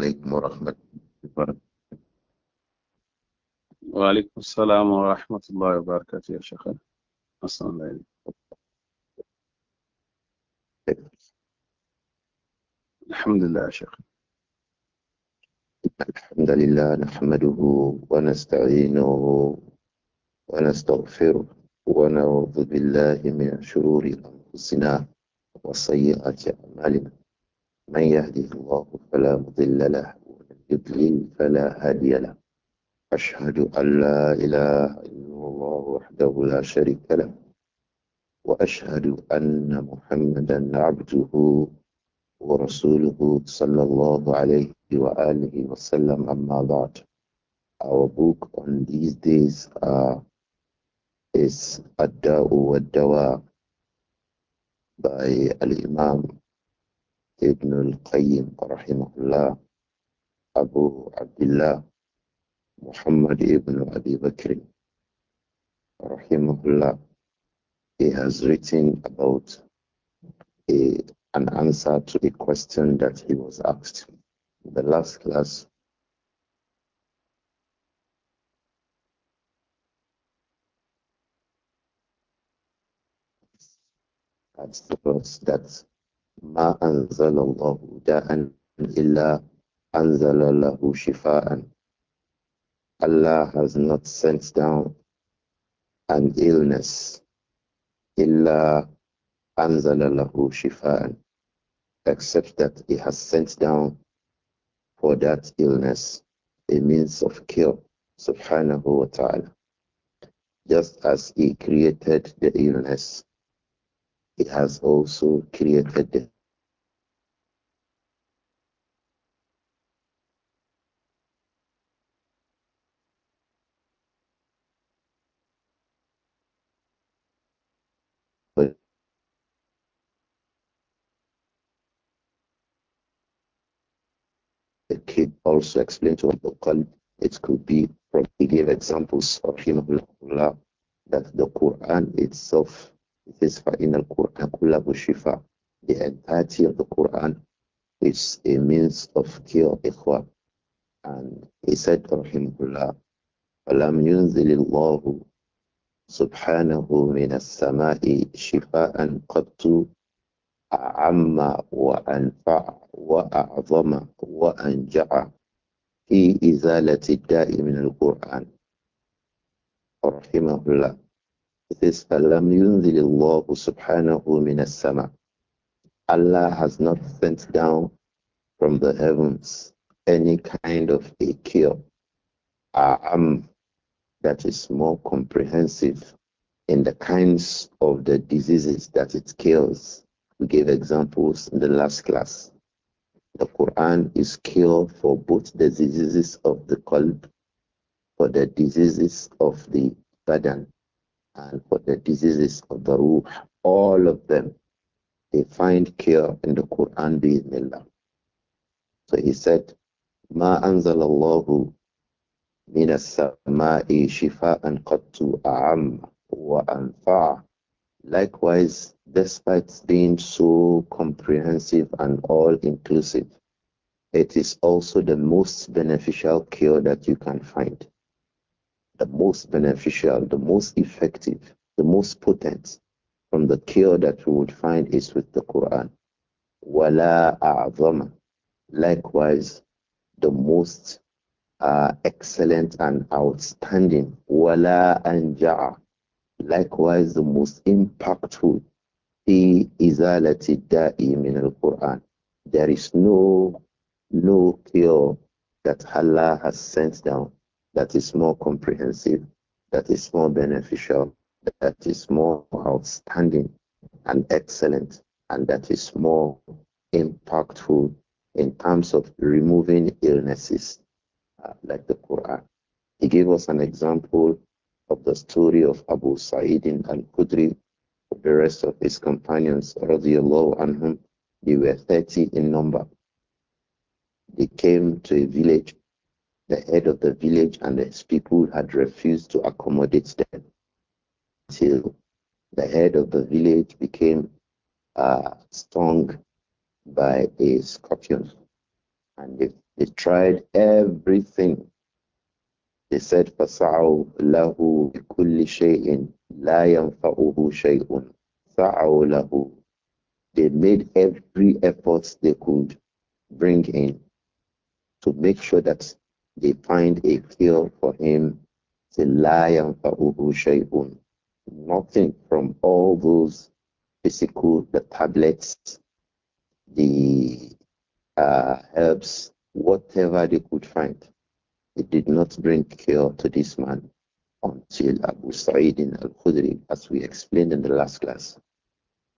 عليكم ورحمة الله وعليكم السلام ورحمة الله وبركاته يا شيخ السلام عليكم الحمد لله يا شيخ الحمد لله نحمده ونستعينه ونستغفره ونعوذ بالله من شرور أنفسنا وسيئات أعمالنا من يهده الله فلا مضل له ومن يضلل فلا هادي له أشهد أن لا إله إلا الله وحده لا شريك له وأشهد أن محمدا عبده ورسوله صلى الله عليه وآله وسلم أما بعد Our book on these days uh, is Ad-Da'u by Al-Imam Ibn al-Qayyim rahimahullah, Abu Abdullah Muhammad ibn Abi Bakr rahimahullah, he has written about a, an answer to a question that he was asked in the last class. That's the verse that ما أنزل الله داء إلا أنزل له شفاء Allah has not sent down an illness إلا أنزل له شفاء except that He has sent down for that illness a means of cure subhanahu wa ta'ala just as He created the illness he has also created the kid also explained to Abdul it could be from he gave examples of him that the Quran itself it is final Quran, Kulabu Shifa. The entirety of the Quran is a means of cure, Ikhwa. And he said, Rahimullah, Alam Yunzilillahu Subhanahu Minas Samai Shifa and Qattu Amma wa Anfa wa A'zama wa anja' He is a Latida Imin al Quran. Rahimahullah. It is Alam yunzilillahu subhanahu min sama Allah has not sent down from the heavens any kind of a cure um, that is more comprehensive in the kinds of the diseases that it kills. We gave examples in the last class. The Quran is cure for both the diseases of the qalb, for the diseases of the badan, and for the diseases of the ruh, all of them, they find cure in the Quran Bismillah. So he said, ما أنزل الله من السماء شفاء قط wa وأنفع Likewise, despite being so comprehensive and all-inclusive, it is also the most beneficial cure that you can find the most beneficial, the most effective, the most potent from the cure that we would find is with the Quran. Wala a'zama. Likewise, the most uh, excellent and outstanding. Wala anja'a. Likewise, the most impactful. Fi izalati min al-Quran. There is no no cure that Allah has sent down that is more comprehensive, that is more beneficial, that is more outstanding and excellent, and that is more impactful in terms of removing illnesses uh, like the Quran. He gave us an example of the story of Abu Sa'idin and Qudri, the rest of his companions, radiallahu anhum. They were 30 in number. They came to a village the head of the village and his people had refused to accommodate them till the head of the village became uh, stung by a scorpion. And they, they tried everything. They said, فَسَعَوْا لَهُ بِكُلِّ شَيْءٍ لَا يَنْفَعُهُ شَيْءٌ سَعَوْا لَهُ They made every effort they could bring in to make sure that they find a cure for him. Nothing from all those physical, the tablets, the uh, herbs, whatever they could find. It did not bring cure to this man until Abu Sa'id in al Khudri, as we explained in the last class.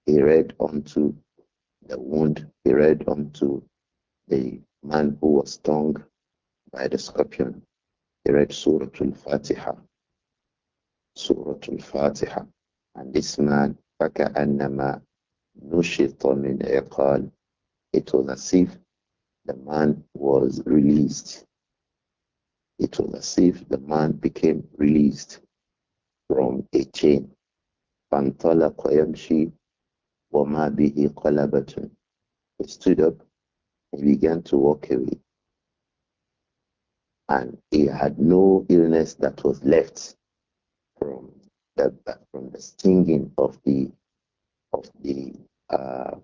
He read onto the wound, he read onto the man who was stung by the scorpion. He read Surah Al-Fatiha. Surah Al-Fatiha. And this man, فَكَأَنَّمَا نُشِطَ مِنْ عِقَالٍ It was as if the man was released. It was as if the man became released from a chain. فَانْطَلَقَ يَمْشِي وَمَا بِهِ قَلَبَةٌ He stood up and began to walk away and he had no illness that was left from the from the stinging of the of the uh,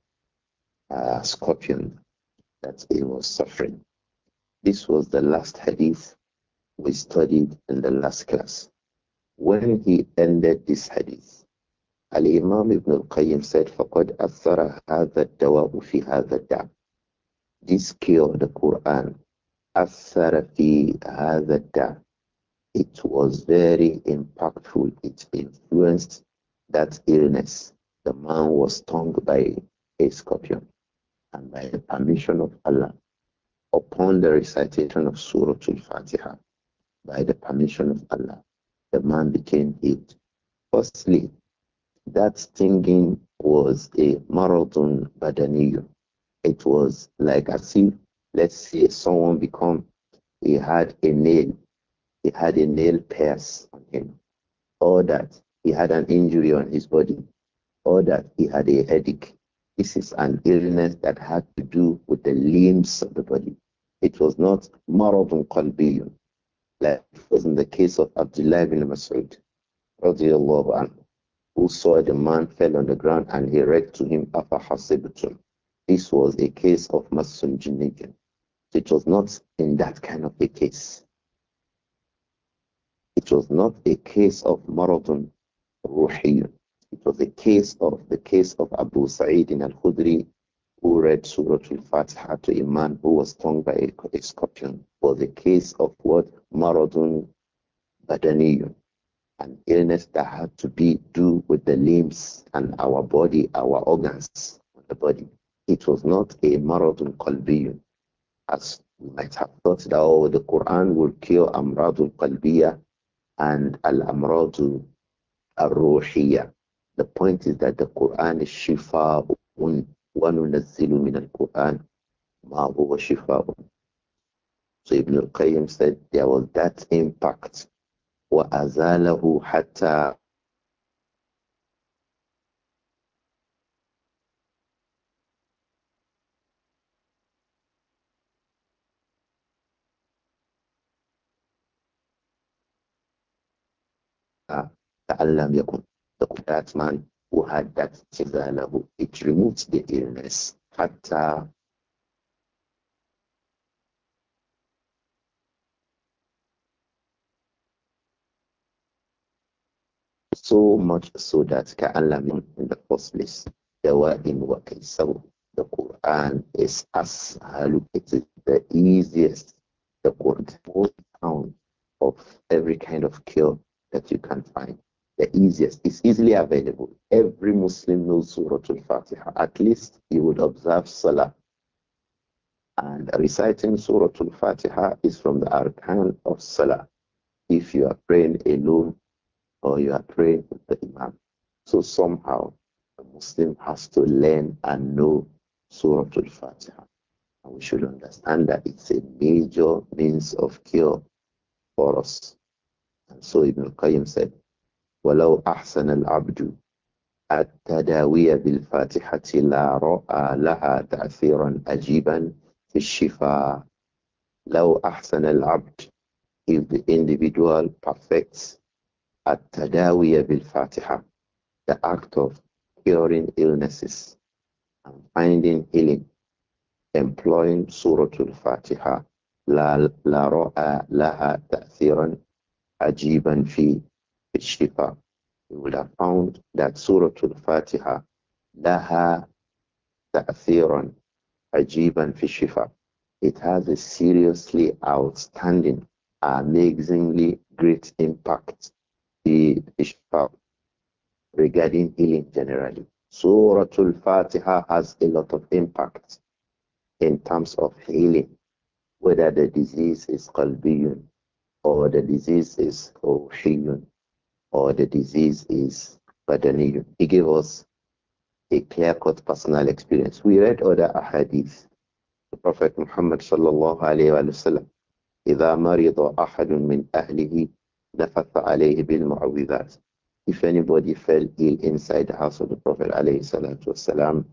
uh, scorpion that he was suffering. This was the last hadith we studied in the last class. When he ended this hadith, Al Imam Ibn Al Qayyim said, "Faqad athara hadha dawa fi hadha da." This cure, the Quran, أثر في هذا الدار. It was very impactful. It influenced that illness. The man was stung by a scorpion. And by the permission of Allah, upon the recitation of Surah Al-Fatiha, by the permission of Allah, the man became healed. Firstly, that stinging was a marathon badaniyah. It was like as if Let's say someone become, he had a nail, he had a nail pierce on him, or that he had an injury on his body, or that he had a headache. This is an illness that had to do with the limbs of the body. It was not maradun qalbiyun, like was in the case of Abdullah ibn Mas'ud, who saw the man fell on the ground and he read to him, Afa Hasibtum. This was a case of Masun Jinnijan. It was not in that kind of a case. It was not a case of Maradun Ruhiyun. It was a case of the case of Abu Sa'id in Al Khudri who read Surah Al Fatiha to a man who was stung by a, a scorpion. It was a case of what? Maradun Badaniyun an illness that had to be do with the limbs and our body, our organs, the body. It was not a Maradun qalbiyun as we might have thought that oh, the Quran will cure Amradul Qalbiya and Al Amradul Al Ruhiyya. The point is that the Quran is Shifa un min al-Quran, مَا هُوَ So Ibn al-Qayyim said there was that impact وَأَزَالَهُ حَتَّى لَعَلَّمْ يَكُنْ that man who had that tizalahu, it removes the illness. Hatta so much so that ka'alam in the first place, there were in waqaysaw. The Quran is as it is the easiest. The Quran most sound of every kind of cure that you can find. The easiest, it's easily available. Every Muslim knows Surah Al-Fatiha. At least he would observe Salah. And reciting Surah Al-Fatiha is from the arkan of Salah. If you are praying alone or you are praying with the Imam. So somehow a Muslim has to learn and know Surah Al-Fatiha. And we should understand that it's a major means of cure for us. So Ibn al-Qayyim said, وَلَوْ أَحْسَنَ الْعَبْدُ أَتَّدَاوِيَ بِالْفَاتِحَةِ لَا رَأَى لَهَا تَأْثِيرًا أَجِيبًا فِي الشِّفَاءِ لَوْ أَحْسَنَ الْعَبْدُ If the individual perfects أَتَّدَاوِيَ بِالْفَاتِحَةِ The act of curing illnesses and finding healing employing Surah Al-Fatiha لَا رَأَى لَهَا تَأْثِيرًا ajiban fi shifa, We would have found that Surah Al-Fatiha laha ta'thiran ajiban fi shifa. It has a seriously outstanding, amazingly great impact the shifa regarding healing generally. Surah Al-Fatiha has a lot of impact in terms of healing, whether the disease is qalbiyun or the disease is Ohiyun, or the disease is Badaniyun. He gave us a clear-cut personal experience. We read other ahadith. The Prophet Muhammad sallallahu alayhi wa sallam, إِذَا مَرِضَ أَحَدٌ مِّنْ أَهْلِهِ نَفَثَ عَلَيْهِ بِالْمُعَوِّذَاتِ If anybody fell ill inside the house of the Prophet alayhi salatu wasalam,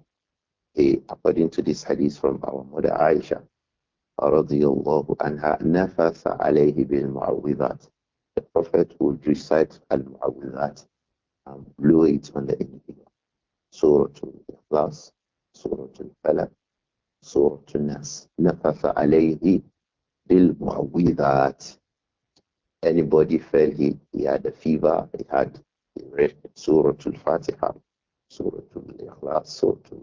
eh, according to this hadith from our mother Aisha, رضي الله عنها نفث عليه بالمعوذات. The Prophet would recite al-mu'awwidhat and blew it on the individual. Surah Al-Ikhlas, Surah Al-Falaq, Surah nas نفث عليه بالمعوذات. Anybody felt he, he had a fever, he had he read Surah Al-Fatiha, Surah Al-Ikhlas, Surah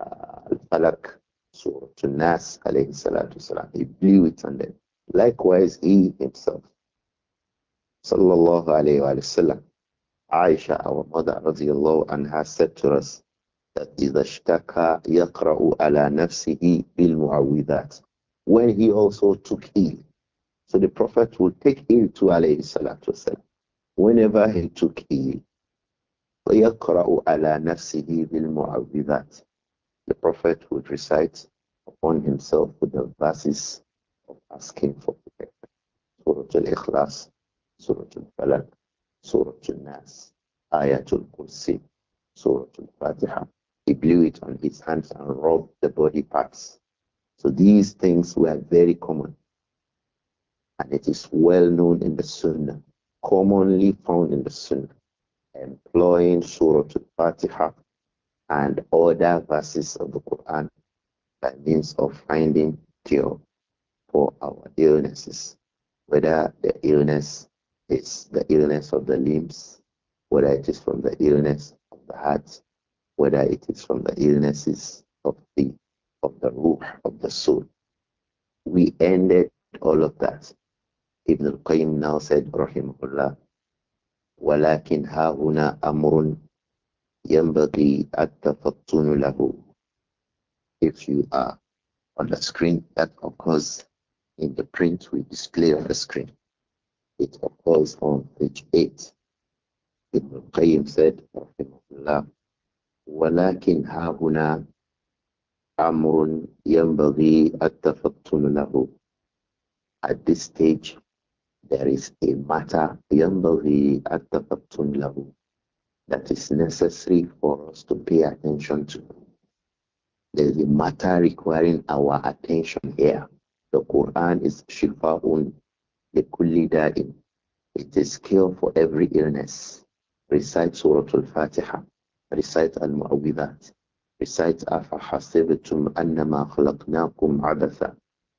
Al-Falaq, So to Nas alayhi salatu salam, he blew it on them. Likewise, he himself. Sallallahu alayhi wa sallam. Aisha, our mother, radiallahu anha, said to us that إِذَا اشْتَكَى يَقْرَأُ عَلَى نَفْسِهِ بِالْمُعَوِّذَاتِ When he also took ill. So the Prophet would take ill to alayhi salatu salam. Whenever he took ill, فَيَقْرَأُ عَلَى نَفْسِهِ بِالْمُعَوِّذَاتِ the Prophet would recite upon himself with the verses of asking for protection. Surah Al-Ikhlas, Surah Al-Falaq, Surah Al-Nas, al Kursi, Surah Al-Fatiha. He blew it on his hands and rubbed the body parts. So these things were very common. And it is well known in the Sunnah, commonly found in the Sunnah, employing Surah Al-Fatiha and other verses of the Quran by means of finding cure for our illnesses, whether the illness is the illness of the limbs, whether it is from the illness of the heart, whether it is from the illnesses of the of the ruh of the soul. We ended all of that. Ibn al-Qayyim now said, Rahimullah, وَلَكِنْ هَا هُنَا أَمْرٌ ينبغي التفطن له if you are on the screen that occurs in the print we display on the screen it occurs on page 8 Ibn Qayyim said رحمه الله ولكن ها هنا أمر ينبغي التفطن له at this stage there is a matter ينبغي التفطن له that is necessary for us to pay attention to. There's a matter requiring our attention here. The Quran is Shifa'un kulli da'in. It is cure for every illness. Recite Surah Al-Fatiha. Recite Al-Mu'awwidat. Recite Afahasibitum Annama Khalaqnakum Abatha.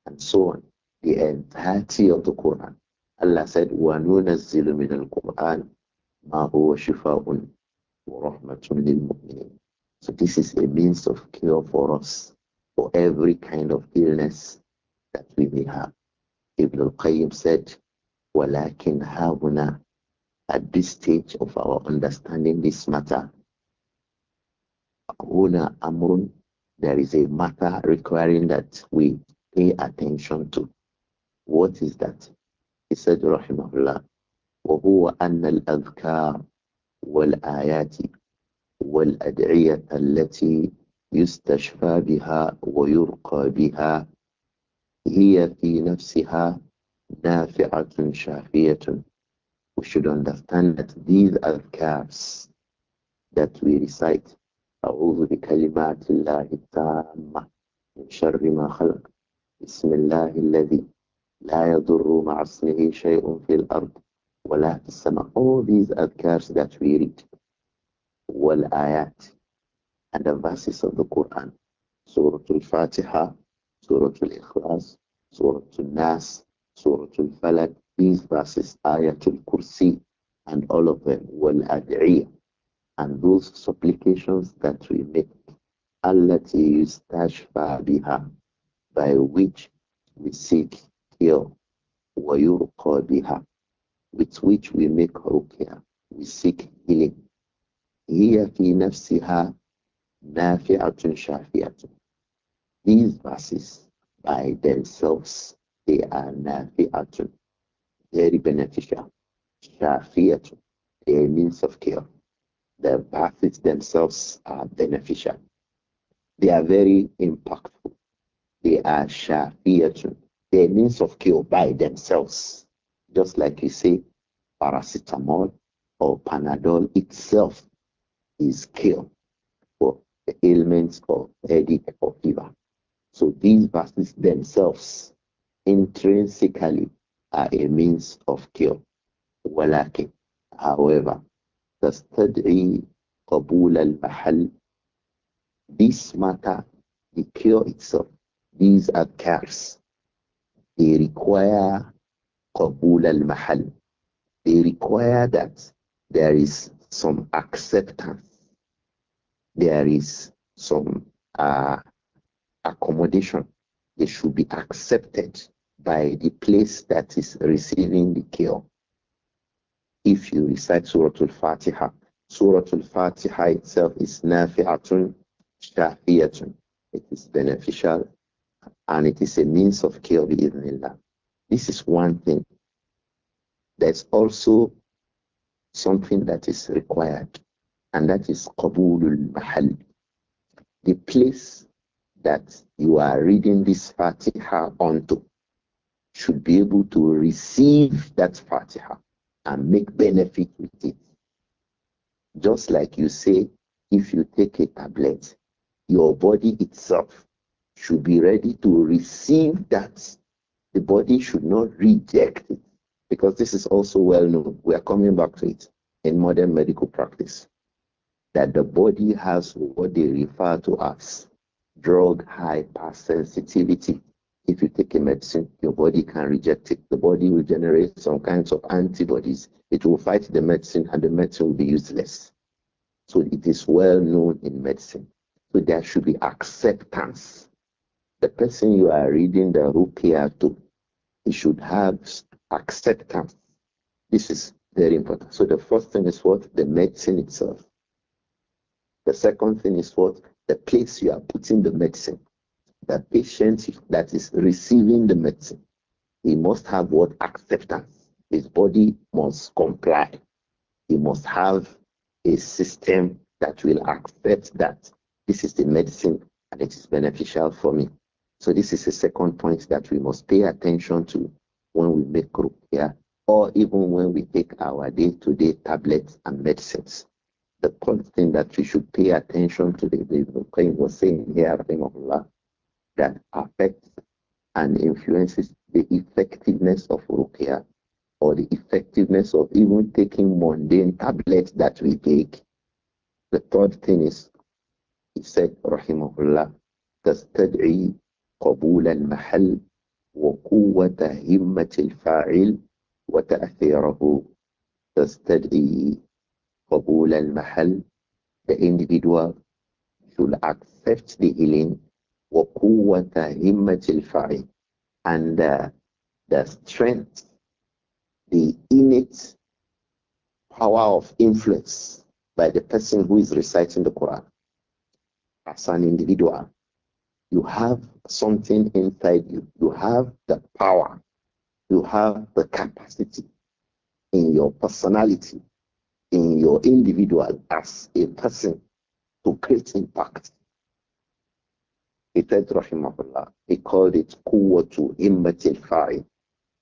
And so on. The entirety of the Quran. Allah said, وَنُنَزِّلُ مِنَ الْقُرْآنِ مَا هُوَ شِفَاءٌ so this is a means of cure for us for every kind of illness that we may have. Ibn al-Qayyim said, وَلَكِنْ هَاهُنَا At this stage of our understanding this matter, هُنَا أَمْرٌ There is a matter requiring that we pay attention to. What is that? He said, رحمه الله, وَهُوَ أَنَّ الْأَذْكَارِ والآيات والأدعية التي يستشفى بها ويرقى بها هي في نفسها نافعة شافية we should understand that these adhkars that we recite أعوذ بكلمات الله التامة من شر ما خلق بسم الله الذي لا يضر مع اسمه شيء في الأرض All these adhkars that we read. Wal ayat. And the verses of the Quran. Surah Al-Fatiha, Surah Al-Ikhlas, Surah Al-Nas, Surah Al-Falaq. These verses, al Kursi, and all of them. Wal ad'iyah. And those supplications that we make. Allati yustashfa biha. By which we seek cure. ويرقى بها with which we make ruqya, we seek healing. هي في نفسها نافعة شافية. These verses by themselves, they are nafi'atun, very beneficial. Shafiyatun, they are means of cure. The verses themselves are beneficial. They are very impactful. They are shafiyatun, they are means of cure by themselves. Just like you say, paracetamol or Panadol itself is cure for the ailments of headache or fever. So these verses themselves intrinsically are a means of cure. ولكن however تستدعي قبول المحل this matter the cure itself these are cares they require قبول المحل. They require that there is some acceptance, there is some uh, accommodation. They should be accepted by the place that is receiving the care. If you recite Surah Al-Fatiha, Surah Al-Fatiha itself is nafi'atun shafiyatun. It is beneficial and it is a means of care. bi this is one thing. There's also something that is required, and that is Qabulul Mahal. The place that you are reading this Fatiha onto should be able to receive that Fatiha and make benefit with it. Just like you say, if you take a tablet, your body itself should be ready to receive that the body should not reject it because this is also well known. We are coming back to it in modern medical practice that the body has what they refer to as drug hypersensitivity. If you take a medicine, your body can reject it. The body will generate some kinds of antibodies. It will fight the medicine and the medicine will be useless. So it is well known in medicine. So there should be acceptance. The person you are reading the rukia to he should have acceptance. This is very important. So the first thing is what? The medicine itself. The second thing is what? The place you are putting the medicine. The patient that is receiving the medicine. He must have what? Acceptance. His body must comply. He must have a system that will accept that this is the medicine and it is beneficial for me. So this is a second point that we must pay attention to when we make care or even when we take our day-to-day tablets and medicines. The first thing that we should pay attention to, the Ibn was saying here, Allah, that affects and influences the effectiveness of rukia, or the effectiveness of even taking mundane tablets that we take. The third thing is, he said, Rahimahullah, تستدعي قبول المحل وقوة همة الفاعل وتأثيره تستدعي قبول المحل the individual should accept the healing وقوة همة الفاعل and uh, the strength the innate power of influence by the person who is reciting the Quran as an individual you have something inside you. You have the power. You have the capacity in your personality, in your individual as a person to create impact. He said, Rahimahullah, he called it Quwwatu to Fari,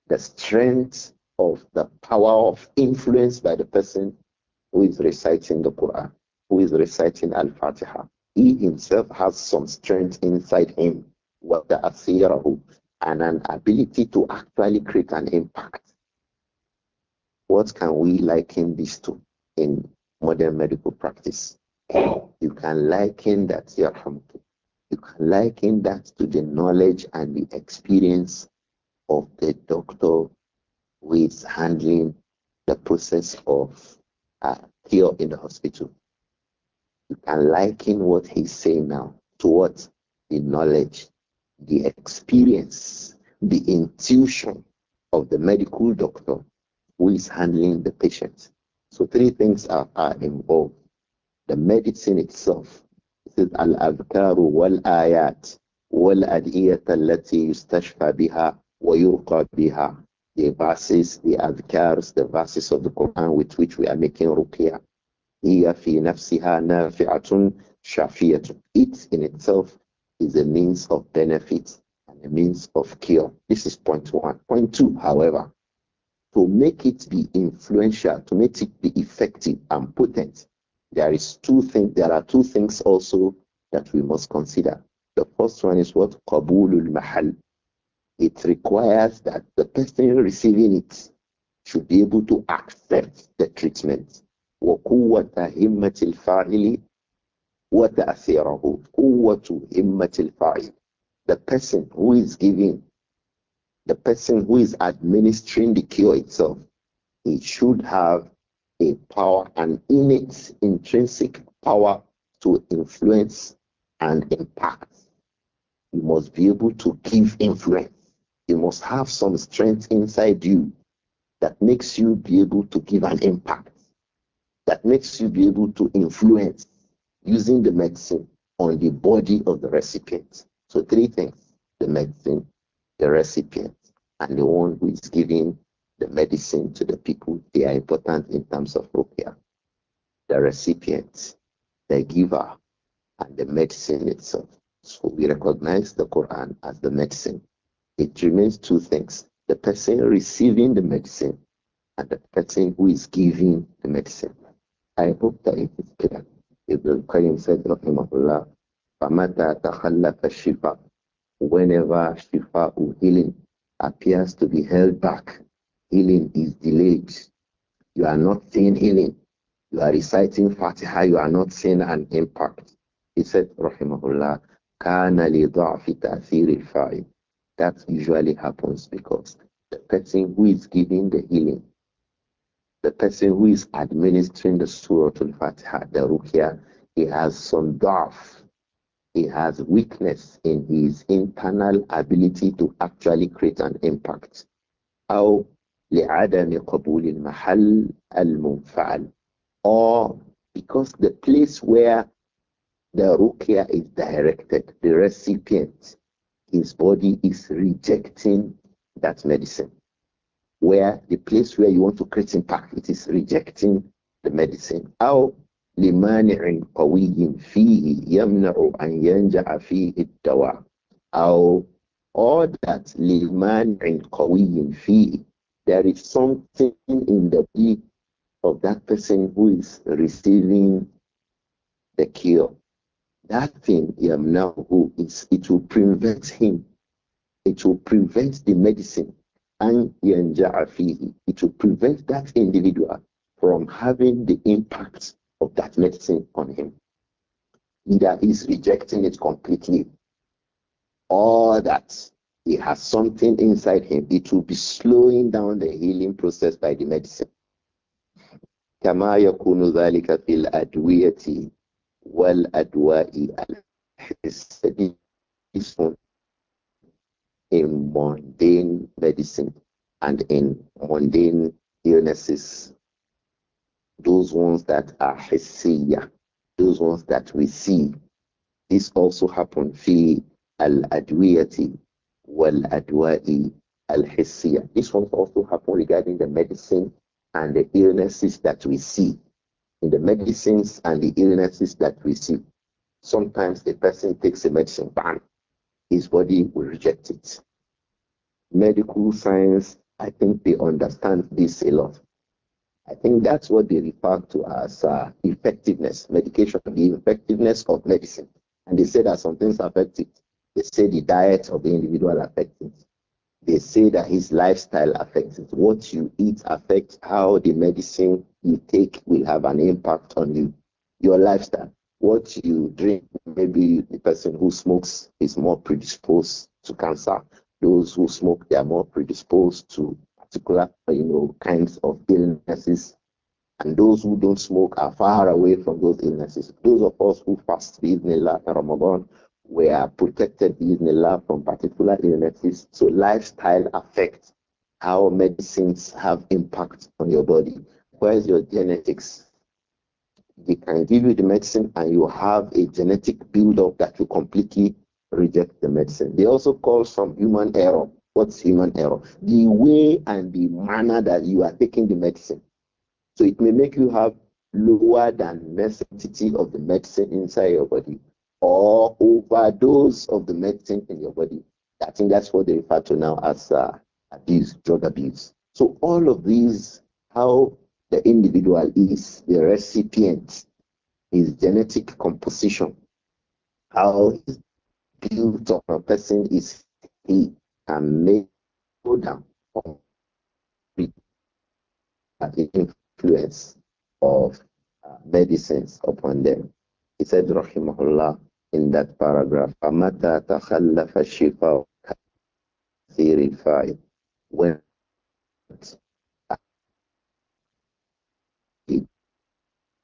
the strength of the power of influence by the person who is reciting the Quran, who is reciting Al Fatiha, he himself has some strength inside him, and an ability to actually create an impact. What can we liken this to in modern medical practice? You can liken that, You can liken that to the knowledge and the experience of the doctor with handling the process of uh, care cure in the hospital you can liken what he's saying now to what? The knowledge, the experience, the intuition of the medical doctor who is handling the patient. So three things are, are involved. The medicine itself, it is al-adhkaru wal-ayat wal-adiyat allati yustashfa biha wa yurqa biha. The verses, the adhkars, the verses of the Quran with which we are making ruqyah it in itself is a means of benefit and a means of cure. This is point one. Point two, however, to make it be influential, to make it be effective and potent, there is two things. There are two things also that we must consider. The first one is what qabulul mahal. It requires that the person receiving it should be able to accept the treatment. وقوة همة الفاعل وتأثيره قوة همة الفاعل the person who is giving the person who is administering the cure itself he should have a power an innate intrinsic power to influence and impact you must be able to give influence you must have some strength inside you that makes you be able to give an impact that makes you be able to influence using the medicine on the body of the recipient. So, three things the medicine, the recipient, and the one who is giving the medicine to the people. They are important in terms of rupiah. The recipient, the giver, and the medicine itself. So, we recognize the Quran as the medicine. It remains two things the person receiving the medicine and the person who is giving the medicine. I hope that it is clear. Ibn Qayyim said, Rahimahullah, Famata takhallaka shifa. Whenever shifa or healing appears to be held back, healing is delayed. You are not seeing healing. You are reciting Fatiha, you are not seeing an impact. He said, Rahimahullah, Kana li That usually happens because the person who is giving the healing the person who is administering the Surah al Fatiha, the Ruqya, he has some doubt, he has weakness in his internal ability to actually create an impact. or because the place where the ruqya is directed, the recipient, his body is rejecting that medicine where the place where you want to create impact, it is rejecting the medicine. How in قوي فيه يمنع أن ينجع فيه الدواء أو all that لمانع قوي فيه there is something in the body of that person who is receiving the cure that thing يمنعه who is it will prevent him it will prevent the medicine an It will prevent that individual from having the impact of that medicine on him. Either he's rejecting it completely or that he has something inside him. It will be slowing down the healing process by the medicine. كما يكون ذلك في الأدوية والأدواء الحسية in mundane medicine and in mundane illnesses. Those ones that are hissiya, those ones that we see. This also happened fi al-adwiyati wal-adwa'i al-hissiya. This one also happened regarding the medicine and the illnesses that we see. In the medicines and the illnesses that we see. Sometimes a person takes a medicine, bam, his body will reject it medical science, I think they understand this a lot. I think that's what they refer to as uh, effectiveness, medication, the effectiveness of medicine. And they say that some things affect it. They say the diet of the individual affects it. They say that his lifestyle affects it. What you eat affects how the medicine you take will have an impact on you. Your lifestyle, what you drink, maybe the person who smokes is more predisposed to cancer those who smoke, they are more predisposed to particular, you know, kinds of illnesses. And those who don't smoke are far away from those illnesses. Those of us who fast Bismillah Ramadan, we are protected Bismillah from particular illnesses. So lifestyle affects how medicines have impact on your body. Where's your genetics? They can give you the medicine and you have a genetic buildup that will completely reject the medicine. They also call some human error. What's human error? The way and the manner that you are taking the medicine. So it may make you have lower than necessity of the medicine inside your body or overdose of the medicine in your body. I think that's what they refer to now as uh, abuse, drug abuse. So all of these, how the individual is, the recipient, his genetic composition, how his guilt of a person is he can make go down on the influence of uh, medicines upon them. He said, Rahimahullah, in that paragraph, Amata theory 5 when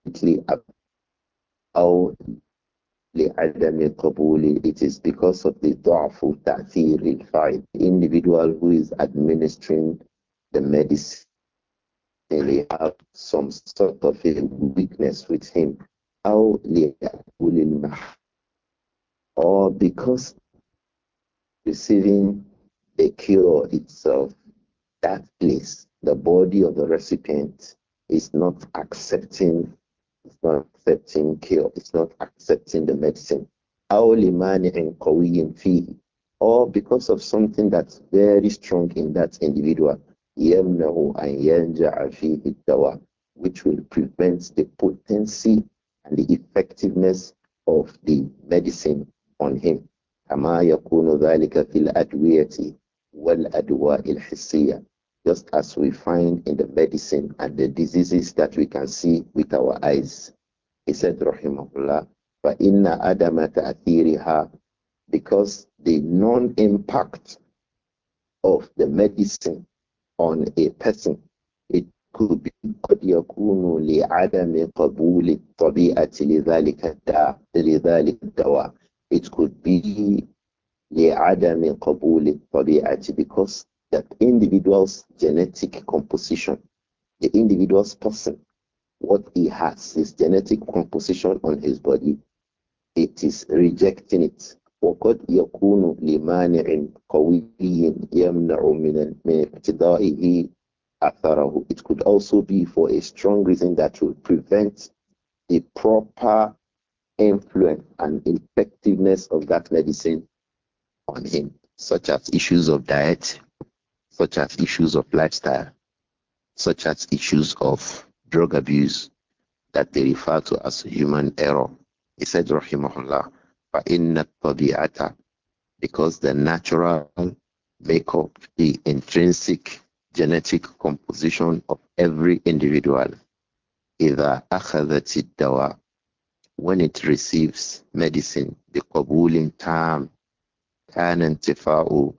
completely how لعدم قبول it is because of the ضعف تأثير الفاعل the individual who is administering the medicine they have some sort of a weakness with him أو لقبول المحل or because receiving the cure itself that place the body of the recipient is not accepting it's not accepting cure. It's not accepting the medicine. Or because of something that's very strong in that individual. Which will prevent the potency and the effectiveness of the medicine on him. كما يكون fil في الأدوية والأدواء الحسية just as we find in the medicine and the diseases that we can see with our eyes. He said, Rahimahullah, فَإِنَّ أَدَمَ تَأْثِيرِهَا Because the non-impact of the medicine on a person, it could be قد يكون لعدم قبول الطبيعة لذلك الدواء. It could be لعدم قبول الطبيعة because that individual's genetic composition, the individual's person, what he has, his genetic composition on his body, it is rejecting it. وقد يكون لمانع قوي يمنع من اقتضائه أثره. It could also be for a strong reason that will prevent the proper influence and effectiveness of that medicine on him, such as issues of diet, such as issues of lifestyle, such as issues of drug abuse that they refer to as human error. He said, Rahimahullah, فَإِنَّ الطَّبِيعَةَ Because the natural makeup, the intrinsic genetic composition of every individual, إِذَا أَخَذَتِ الدَّوَى When it receives medicine, the قبول time, كان انتفاع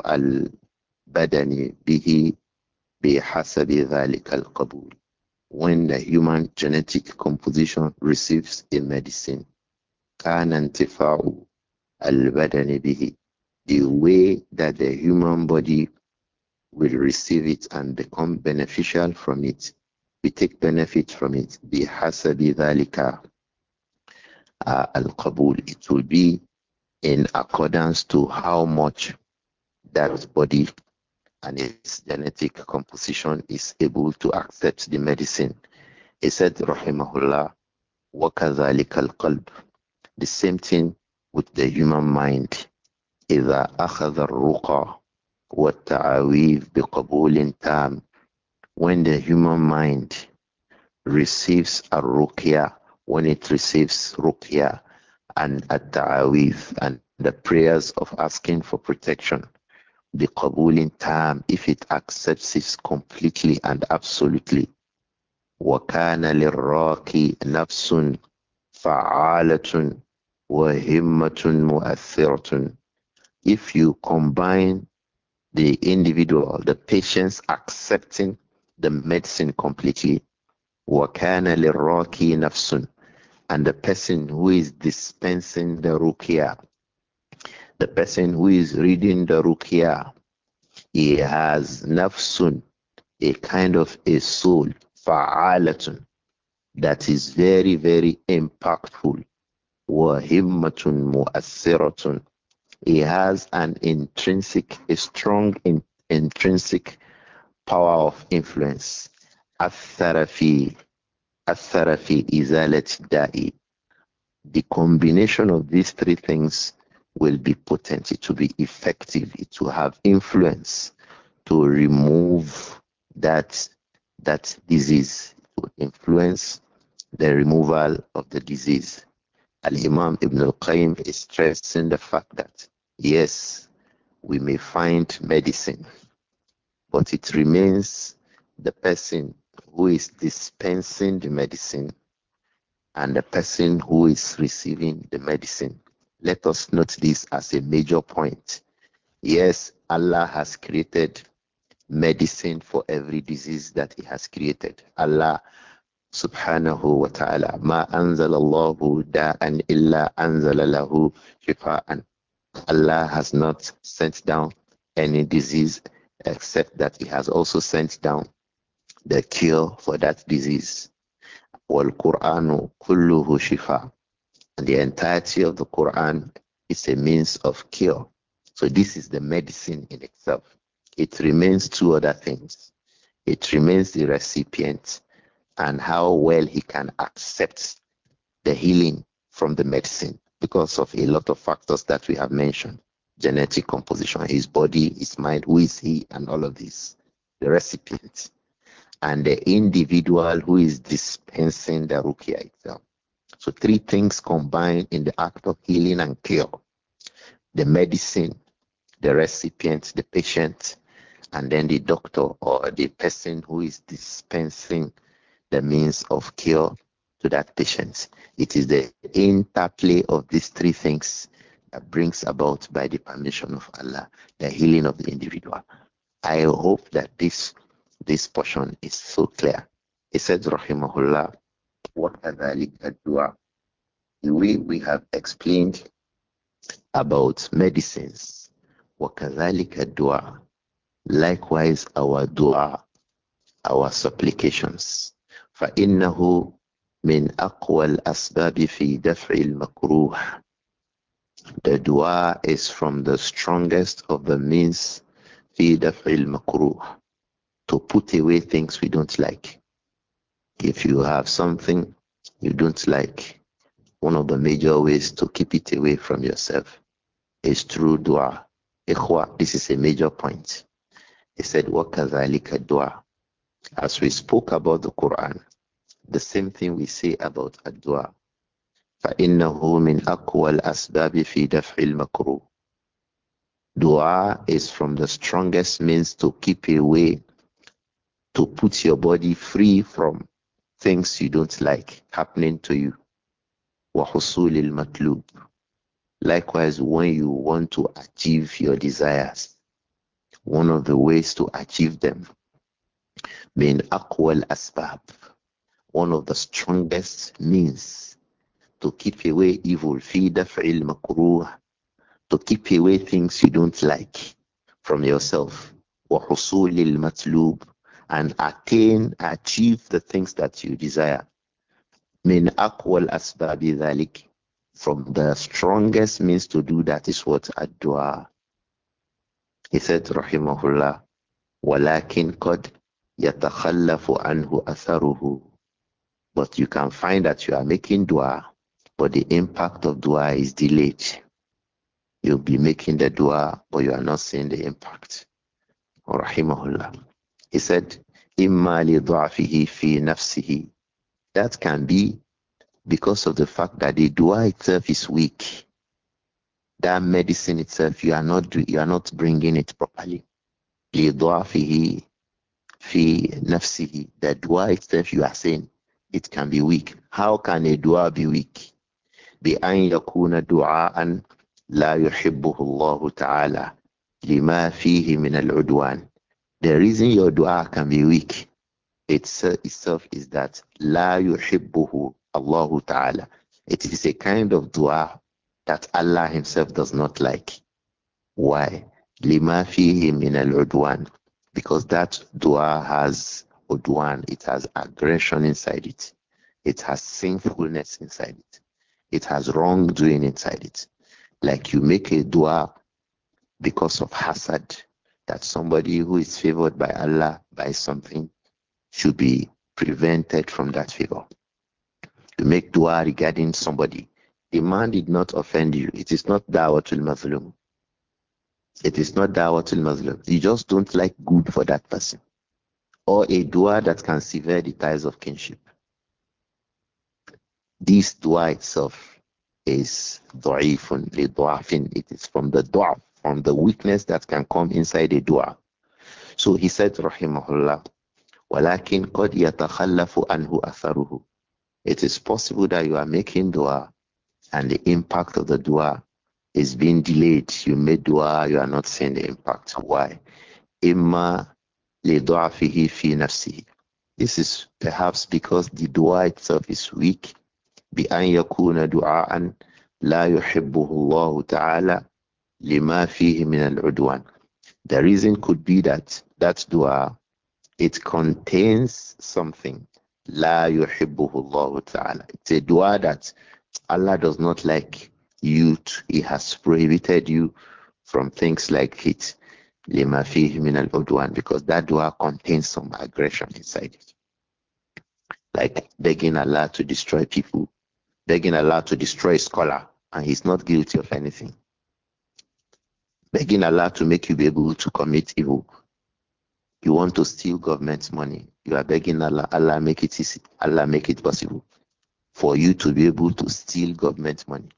badani bihi qabul When the human genetic composition receives a medicine, kana intifa'u al-badani bihi. The way that the human body will receive it and become beneficial from it. We take benefit from it. hasabi dhalika al-qabul. It will be in accordance to how much that body and its genetic composition is able to accept the medicine. He said, Rahimahullah, وَكَذَلِكَ الْقَلْبِ The same thing with the human mind. إِذَا أَخَذَ الرُّقَى وَالتَّعَوِيذ بِقَبُولٍ تَامٍ When the human mind receives a ruqya, when it receives ruqya and a ta'awiz and the prayers of asking for protection, the Qabulin term if it accepts it completely and absolutely. وَكَانَ لِلرَّاقِ نَفْسٌ فَعَالَةٌ وَهِمَّةٌ مُؤَثِّرَةٌ If you combine the individual, the patient's accepting the medicine completely, وَكَانَ لِلرَّاقِ نَفْسٌ And the person who is dispensing the ruqyah, the person who is reading the rukia, he has nafsun, a kind of a soul, fa'alatun, that is very, very impactful. Wahimmatun mu'assiratun. He has an intrinsic, a strong in, intrinsic power of influence. Atharafi. Atharafi izalat da'i. The combination of these three things will be potent, it will be effective, it will have influence to remove that that disease, To influence the removal of the disease. Al Imam Ibn Al Qayyim is stressing the fact that yes, we may find medicine, but it remains the person who is dispensing the medicine and the person who is receiving the medicine let us note this as a major point. Yes, Allah has created medicine for every disease that He has created. Allah subhanahu wa ta'ala. Ma anzalallahu da'an illa anzalalahu shifa'an. Allah has not sent down any disease except that He has also sent down the cure for that disease. Wal Quranu kulluhu shifa. And the entirety of the Quran is a means of cure. So this is the medicine in itself. It remains two other things. It remains the recipient and how well he can accept the healing from the medicine because of a lot of factors that we have mentioned genetic composition, his body, his mind, who is he, and all of this. The recipient and the individual who is dispensing the rukia itself. So three things combined in the act of healing and cure. The medicine, the recipient, the patient, and then the doctor or the person who is dispensing the means of cure to that patient. It is the interplay of these three things that brings about, by the permission of Allah, the healing of the individual. I hope that this this portion is so clear. It says, Rahimahullah, وَكَذَلِكَ الدُّعَى The way we have explained about medicines. وَكَذَلِكَ الدُّعَى Likewise our dua, our supplications. فَإِنَّهُ مِنْ أَقْوَى الْأَسْبَابِ فِي دَفْعِ الْمَكْرُوهِ The dua is from the strongest of the means فِي دَفْعِ الْمَكْرُوهِ To put away things we don't like. If you have something you don't like, one of the major ways to keep it away from yourself is through dua. Ikhwa, this is a major point. He said, وَكَذَلِكَ dua. As we spoke about the Quran, the same thing we say about ad-dua. فإنه من أقوى الأسباب في دفع المكروه. Dua is from the strongest means to keep away, to put your body free from things you don't like happening to you. وَحُصُولِ الْمَطْلُوبِ Likewise, when you want to achieve your desires, one of the ways to achieve them, being akwal asbab, one of the strongest means to keep away evil, fi daf'il makruh, to keep away things you don't like from yourself, وحصول المطلوب and attain, achieve the things that you desire. Min akwal asbabi dhalik. From the strongest means to do that is what ad-dua. He said, rahimahullah, walakin qad yatakhallafu anhu atharuhu. But you can find that you are making dua, but the impact of dua is delayed. You'll be making the dua, but you are not seeing the impact. Rahimahullah. He said, إِمَّا لِضَعْفِهِ fi نَفْسِهِ That can be because of the fact that the dua itself is weak. That medicine itself, you are not you are not bringing it properly. لِضَعْفِهِ fi نَفْسِهِ The dua itself, you are saying, it can be weak. How can a dua be weak? بأن يكون دعاء لا يحبه الله تعالى لما فيه من العدوان the reason your dua can be weak uh, itself is that La yuhibbuhu Allahu ta'ala. It is a kind of dua that Allah Himself does not like. Why? Lima fihi min al Because that dua has udwan, it has aggression inside it, it has sinfulness inside it, it has wrongdoing inside it. Like you make a dua because of hazard, that somebody who is favored by Allah by something should be prevented from that favor. To make dua regarding somebody. The man did not offend you. It is not dawatul mazlum. It is not dawatul mazlum. You just don't like good for that person. Or a dua that can sever the ties of kinship. This dua itself is du'ifun, li du'afin. It is from the du'af on the weakness that can come inside a dua. So he said, Rahimahullah, وَلَكِنْ قَدْ يَتَخَلَّفُ anhu أَثَرُهُ It is possible that you are making dua and the impact of the dua is being delayed. You made dua, you are not seeing the impact. Why? إِمَّا لِضَعْفِهِ فِي نَفْسِهِ This is perhaps because the dua itself is weak. بأن يكون دعاء لا يحبه الله تعالى lima fihi min al The reason could be that that dua it contains something la yuhibbuhu Allah ta'ala. It's a dua that Allah does not like you. He has prohibited you from things like it lima fihi min al because that dua contains some aggression inside it. Like begging Allah to destroy people, begging Allah to destroy scholar, and he's not guilty of anything begging Allah to make you be able to commit evil. You want to steal government money. You are begging Allah, Allah make it easy, Allah make it possible for you to be able to steal government money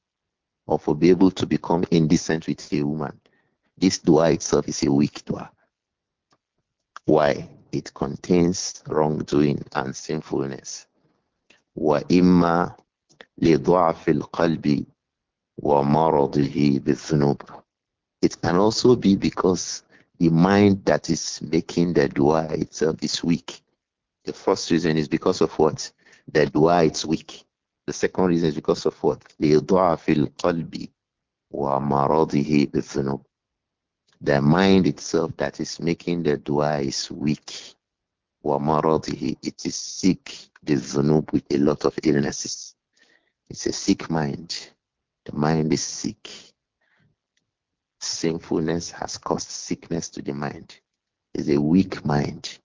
or for be able to become indecent with a woman. This dua itself is a weak dua. Why? It contains wrongdoing and sinfulness. وإما لضعف القلب ومرضه بالذنوب it can also be because the mind that is making the dua itself is weak. The first reason is because of what? The dua is weak. The second reason is because of what? the qalbi wa maradihi The mind itself that is making the dua is weak. Wa maradihi, it is sick, the zunub with a lot of illnesses. It's a sick mind. The mind is sick. Sinfulness has caused sickness to the mind. It's a weak mind.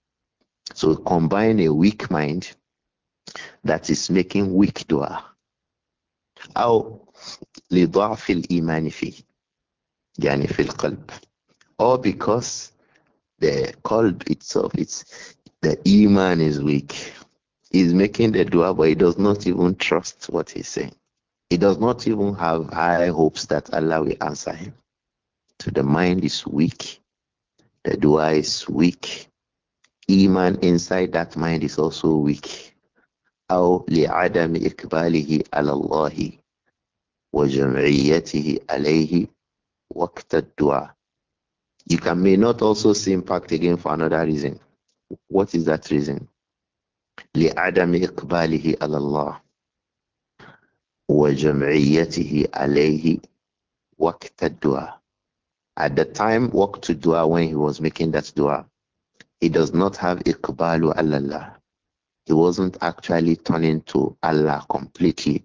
So combine a weak mind that is making weak dua. أو لضعف الإيمان فيه يعني في القلب or because the qalb itself it's the iman is weak he's making the dua but he does not even trust what he's saying he does not even have high hopes that Allah will answer him so the mind is weak, the dua is weak, iman inside that mind is also weak. أو لعدم إقباله على الله وجمعيته عليه وقت الدعاء. You can may not also see impact again for another reason. What is that reason? لعدم إقباله على الله وجمعيته عليه وقت الدعاء at the time walk to dua when he was making that dua. He does not have ikbalu Allah. He wasn't actually turning to Allah completely.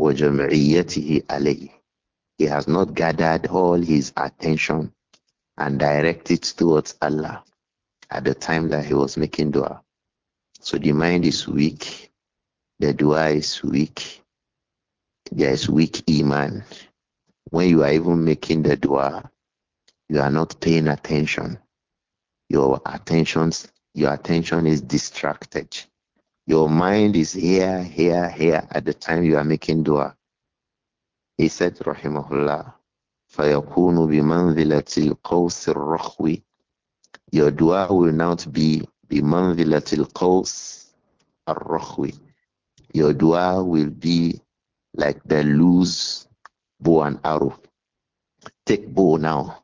alayhi. He has not gathered all his attention and directed towards Allah at the time that he was making dua. So the mind is weak, the dua is weak, there is weak iman, when you are even making the dua, you are not paying attention. Your attentions, your attention is distracted. Your mind is here, here, here at the time you are making dua. He said, Rahimahullah, Your dua will not be بِمَنْزِلَةِ qaws الرَّخْوِ Your dua will be like the loose bow and arrow. Take bow now.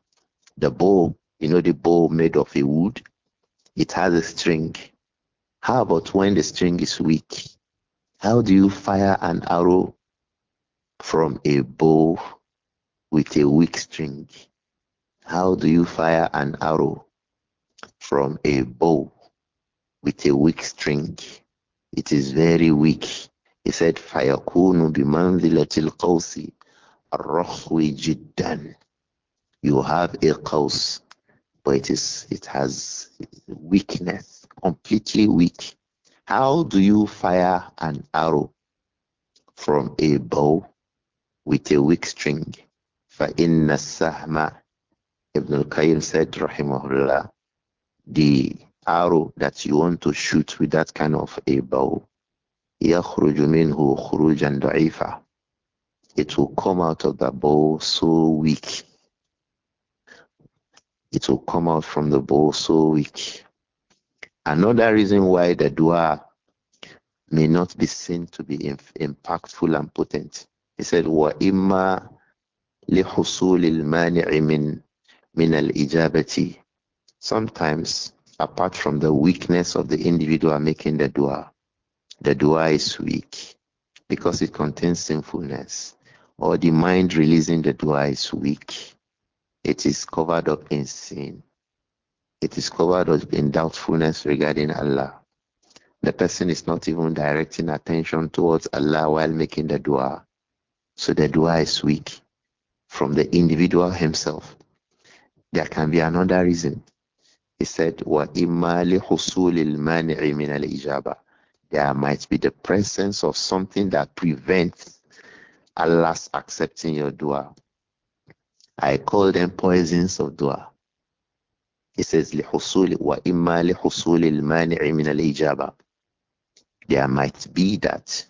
The bow, you know, the bow made of a wood, it has a string. How about when the string is weak? How do you fire an arrow from a bow with a weak string? How do you fire an arrow from a bow with a weak string? It is very weak. He said, فَيَكُونُ بِمَنْزِلَةِ الْقَوْسِ الرخوي جدا you have a cause but it is it has weakness completely weak how do you fire an arrow from a bow with a weak string فإن السهم Ibn al-Qayyim said rahimahullah the arrow that you want to shoot with that kind of a bow يخرج منه خروجا ضعيفا it will come out of that bowl so weak. It will come out from the bowl so weak. Another reason why the dua may not be seen to be impactful and potent. He said, i am وَإِمَّا لِحُصُولِ الْمَانِعِ مِنْ مِنَ ijabati Sometimes, apart from the weakness of the individual making the dua, the dua is weak because it contains sinfulness or the mind releasing the dua is weak. It is covered up in sin. It is covered up in doubtfulness regarding Allah. The person is not even directing attention towards Allah while making the dua. So the dua is weak from the individual himself. There can be another reason. He said, There might be the presence of something that prevents Allah's accepting your dua. I call them poisons of dua. He says, لِحُصُولِ وَإِمَّا لِحُصُولِ الْمَانِعِ مِنَ الْإِجَابَةِ There might be that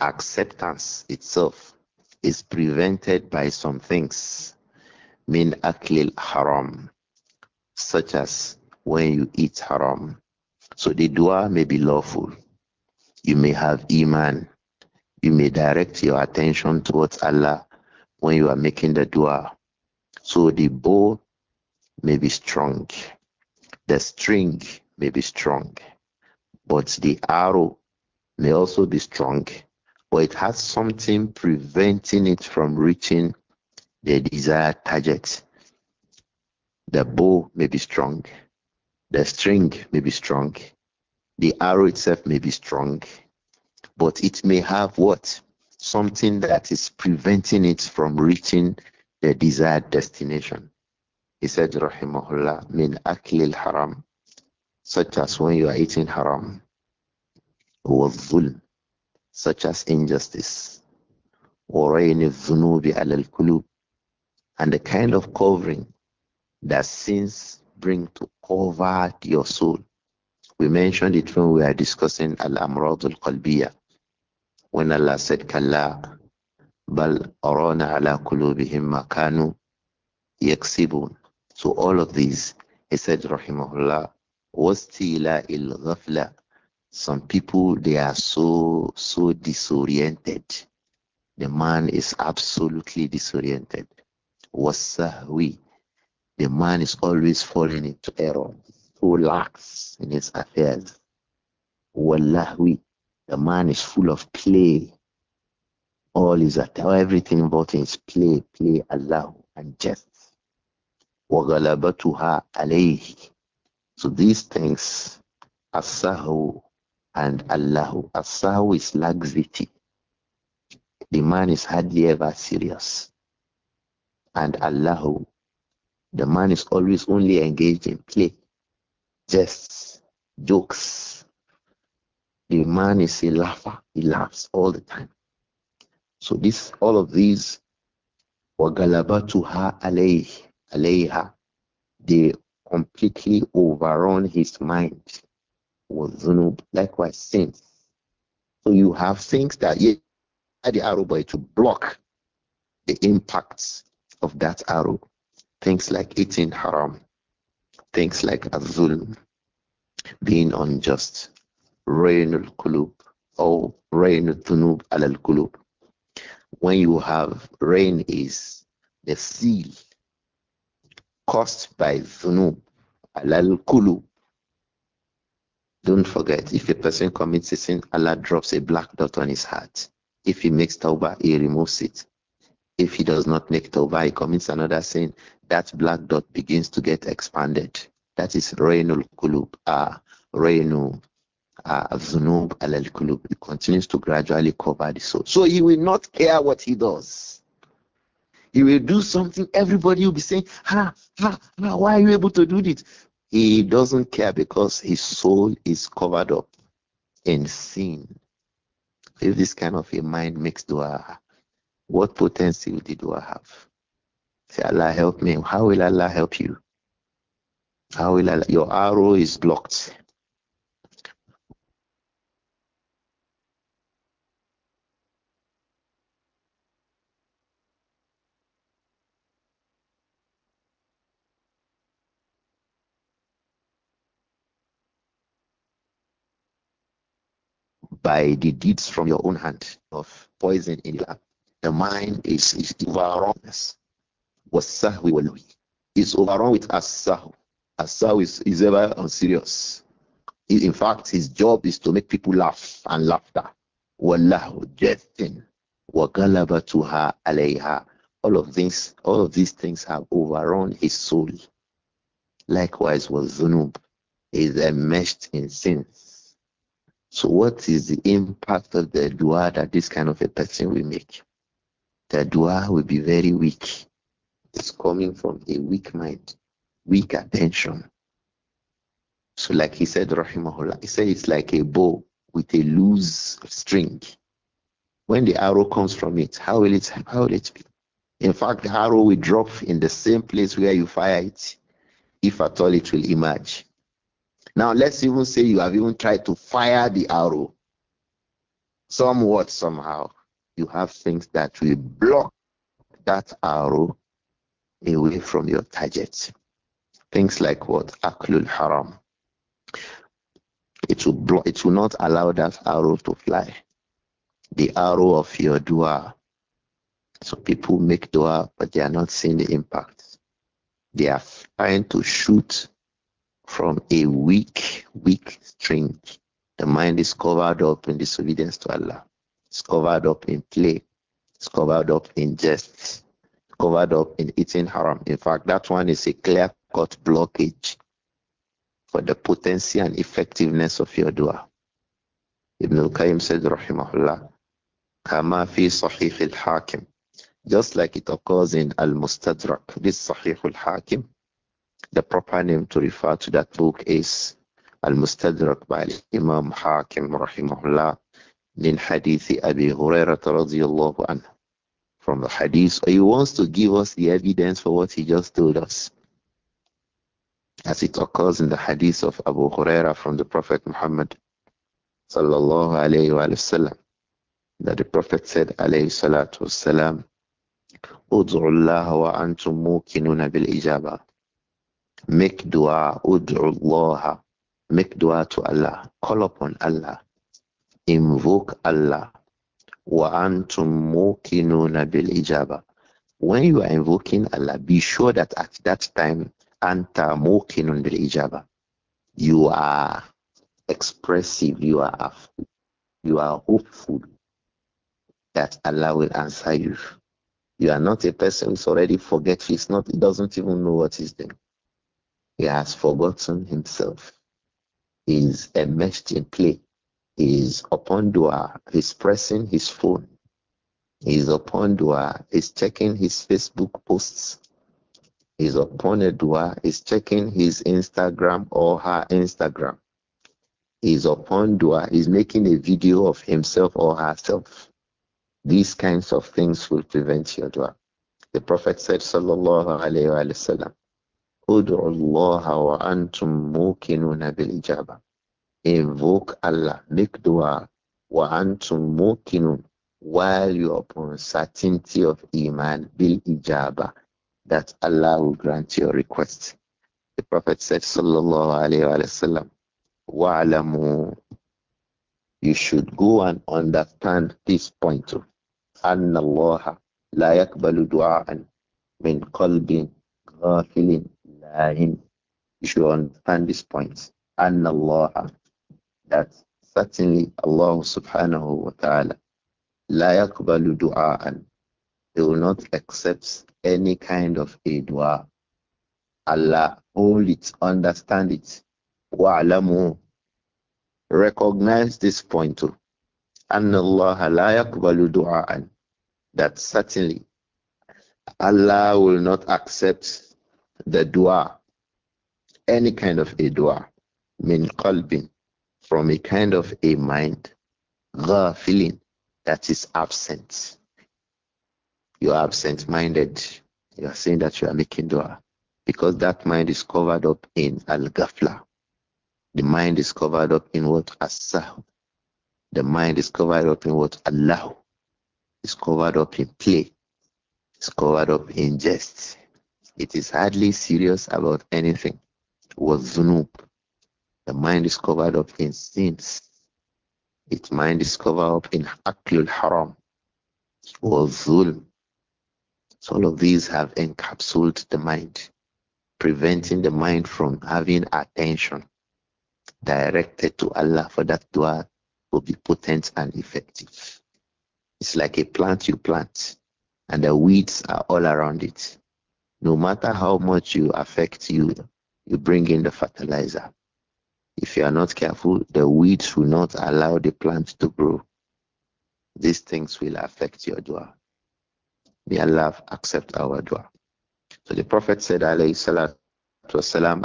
acceptance itself is prevented by some things. Min aklil haram, such as when you eat haram. So the dua may be lawful. You may have iman you may direct your attention towards Allah when you are making the dua. So the bow may be strong, the string may be strong, but the arrow may also be strong, but it has something preventing it from reaching the desired target. The bow may be strong, the string may be strong, the arrow itself may be strong, but it may have what? Something that is preventing it from reaching the desired destination. He said, Rahimahullah, min akil haram, such as when you are eating haram, or zulm, such as injustice, ورين الذنوب al-kulub, and the kind of covering that sins bring to cover your soul. We mentioned it when we are discussing Al Amrad al Qalbiya, when Allah said, Kalla, bal arana ala kulubihim makanu yaksibun. So all of these, he said, Rahimahullah, wastila il ghafla. Some people, they are so, so disoriented. The man is absolutely disoriented. Wasahwi. The man is always falling into error, who lacks in his affairs. Wallahwi the man is full of play. All is at everything about him is play, play, Allah, and jest. So these things, asahu and Allahu. Asahu is laxity. The man is hardly ever serious. And Allahu, the man is always only engaged in play, jests, jokes, a man is a laugher. He laughs all the time. So this, all of these, وَغَلَبَتُهَا عَلَيْهِ عَلَيْهَا They completely overrun his mind with zunub, likewise sins. So you have things that yeah, the arrow, but to block the impacts of that arrow. Things like eating haram, things like azul, being unjust, rain al-qulub or rain al-thunub al-qulub. When you have rain is the seal caused by thunub al-qulub. Don't forget, if a person commits a sin, Allah drops a black dot on his heart. If he makes tawbah, he removes it. If he does not make tawbah, he commits another sin. That black dot begins to get expanded. That is al Kulub, ah, Rainu uh, zunub al kulub. continues to gradually cover the soul. So he will not care what he does. He will do something, everybody will be saying, ha, ha, ha, why are you able to do this? He doesn't care because his soul is covered up in sin. If this kind of a mind makes dua, what potency did dua have? Say, Allah help me. How will Allah help you? How will Allah? Your arrow is blocked by the deeds from your own hand of poison in your The mind is, is overwhelmness. Wasahwi walawi. It's overrun with asahu. Asahu is, is ever unserious. In fact, his job is to make people laugh and laughter. Wallahu jethin. tuha alayha. All of these, all of these things have overrun his soul. Likewise was Zunub is enmeshed in sins. So, what is the impact of the dua that this kind of a person will make? The dua will be very weak. It's coming from a weak mind, weak attention. So, like he said, Rahimahullah, he said it's like a bow with a loose string. When the arrow comes from it, how will it how will it be? In fact, the arrow will drop in the same place where you fire it, if at all it will emerge. Now let's even say you have even tried to fire the arrow. Somewhat, somehow, you have things that will block that arrow away from your target. Things like what? Aklul haram. It will block, it will not allow that arrow to fly. The arrow of your dua. So people make dua, but they are not seeing the impact. They are trying to shoot from a weak, weak string. The mind is covered up in disobedience to Allah. It's covered up in play. It's covered up in jest. Covered up in eating haram. In fact, that one is a clear-cut blockage for the potency and effectiveness of your dua. Ibn al-Qayyim said, rahimahullah, kama fi sahih al-hakim. Just like it occurs in al-mustadrak, this sahih al-hakim, the proper name to refer to that book is Al-Mustadrak by Imam Hakim rahimahullah min hadith Abi Hurairah radiyallahu anhu. From the hadith, he wants to give us the evidence for what he just told us. As it occurs in the hadith of Abu Hurairah from the Prophet Muhammad sallallahu alayhi wa sallam, that the Prophet said alayhi salatu salam Udu'u Allah wa antum mukinuna bil ijabah Make dua, ud'ullaha. Make dua to Allah. Call upon Allah. Invoke Allah. Wa antum muqinuna bil ijaba. When you are invoking Allah, be sure that at that time, anta muqinun bil ijaba. You are expressive, you are you are hopeful that Allah will answer you. You are not a person who's already forgetful, it's not, it doesn't even know what is there. He has forgotten himself. He is immersed in play. He is upon dua. He's pressing his phone. He is upon dua. He's checking his Facebook posts. He's upon a dua. He's checking his Instagram or her Instagram. He's upon dua. He's making a video of himself or herself. These kinds of things will prevent your dua. The Prophet said, Sallallahu Alaihi Wasallam, Ud'u Allah wa antum muqinuna bil ijaba. Invoke Allah, make dua wa antum while you are upon certainty of iman bil ijaba that Allah will grant your request. The Prophet said, Sallallahu Alaihi Wasallam, Wa'alamu, you should go and understand this point too. Anna Allah la yakbalu du'a'an min qalbin ghafilin you should understand this point. Anna Allah, that certainly Allah subhanahu wa ta'ala, la yakbalu du'a'an. They will not accept any kind of a dua. Allah, hold it, understand it. Wa'alamu. Recognize this point too. Anna Allah la yakbalu du'a'an. That certainly Allah will not accept the dua, any kind of a dua, min qalbin, from a kind of a mind, the feeling that is absent. You are absent minded. You are saying that you are making dua because that mind is covered up in al ghafla. The mind is covered up in what? Asah. The mind is covered up in what? Allah. It's covered up in play. It's covered up in jest it is hardly serious about anything. Was zunub. The mind is covered up in sins. Its mind is covered up in akil haram. Was zulm. So all of these have encapsulated the mind, preventing the mind from having attention directed to Allah for that dua to be potent and effective. It's like a plant you plant, and the weeds are all around it. No matter how much you affect you, you bring in the fertilizer. If you are not careful, the weeds will not allow the plant to grow. These things will affect your dua. May Allah accept our dua. So the Prophet said, alayhi salatu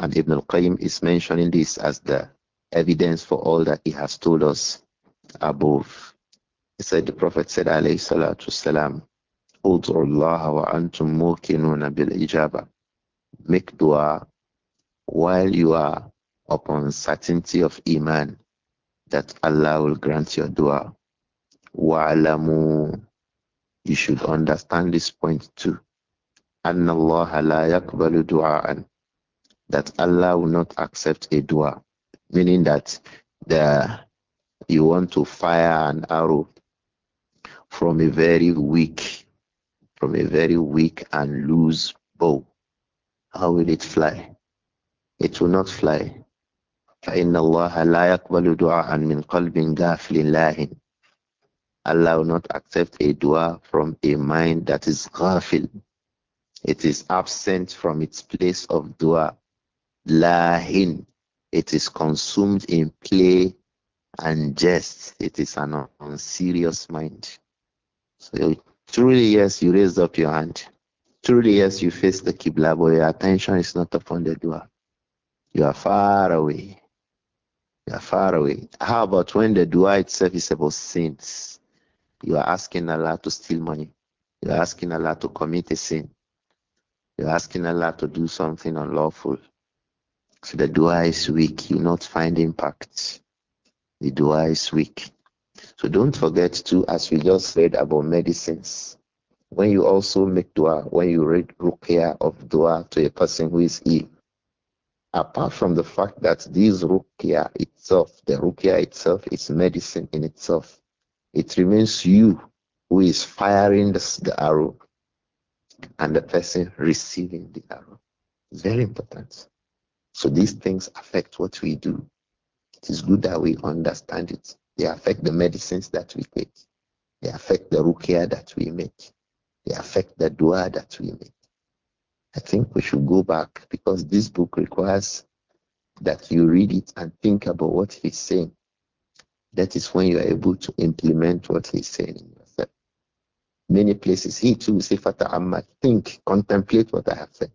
and Ibn al-Qayyim is mentioning this as the evidence for all that he has told us above. He said, the Prophet said, alayhi salatu Allah wa antum muqinuna bil Make dua while you are upon certainty of iman that Allah will grant your dua. Wa'alamu. You should understand this point too. Anna Allah la yakbalu du'a'an. That Allah will not accept a dua. Meaning that the you want to fire an arrow from a very weak from a very weak and loose bow. How will it fly? It will not fly. Allah will not accept a dua from a mind that is ghafil. It is absent from its place of dua. Lahin. It is consumed in play and jest. It is an unserious mind. So Truly, yes, you raised up your hand. Truly, yes, you face the Qibla, but your attention is not upon the dua. You are far away. You are far away. How about when the dua itself is about sins? You are asking Allah to steal money. You are asking Allah to commit a sin. You are asking Allah to do something unlawful. So the dua is weak. You not find impact. The dua is weak. So don't forget too, as we just said about medicines, when you also make dua, when you read ruqya of dua to a person who is ill, apart from the fact that this ruqya itself, the ruqya itself is medicine in itself, it remains you who is firing the, the arrow and the person receiving the arrow. It's Very important. So these things affect what we do. It is good that we understand it. They affect the medicines that we take. They affect the rukia that we make. They affect the dua that we make. I think we should go back because this book requires that you read it and think about what he's saying. That is when you are able to implement what he's saying in yourself. Many places he too will say, Fata Amma, think, contemplate what I have said.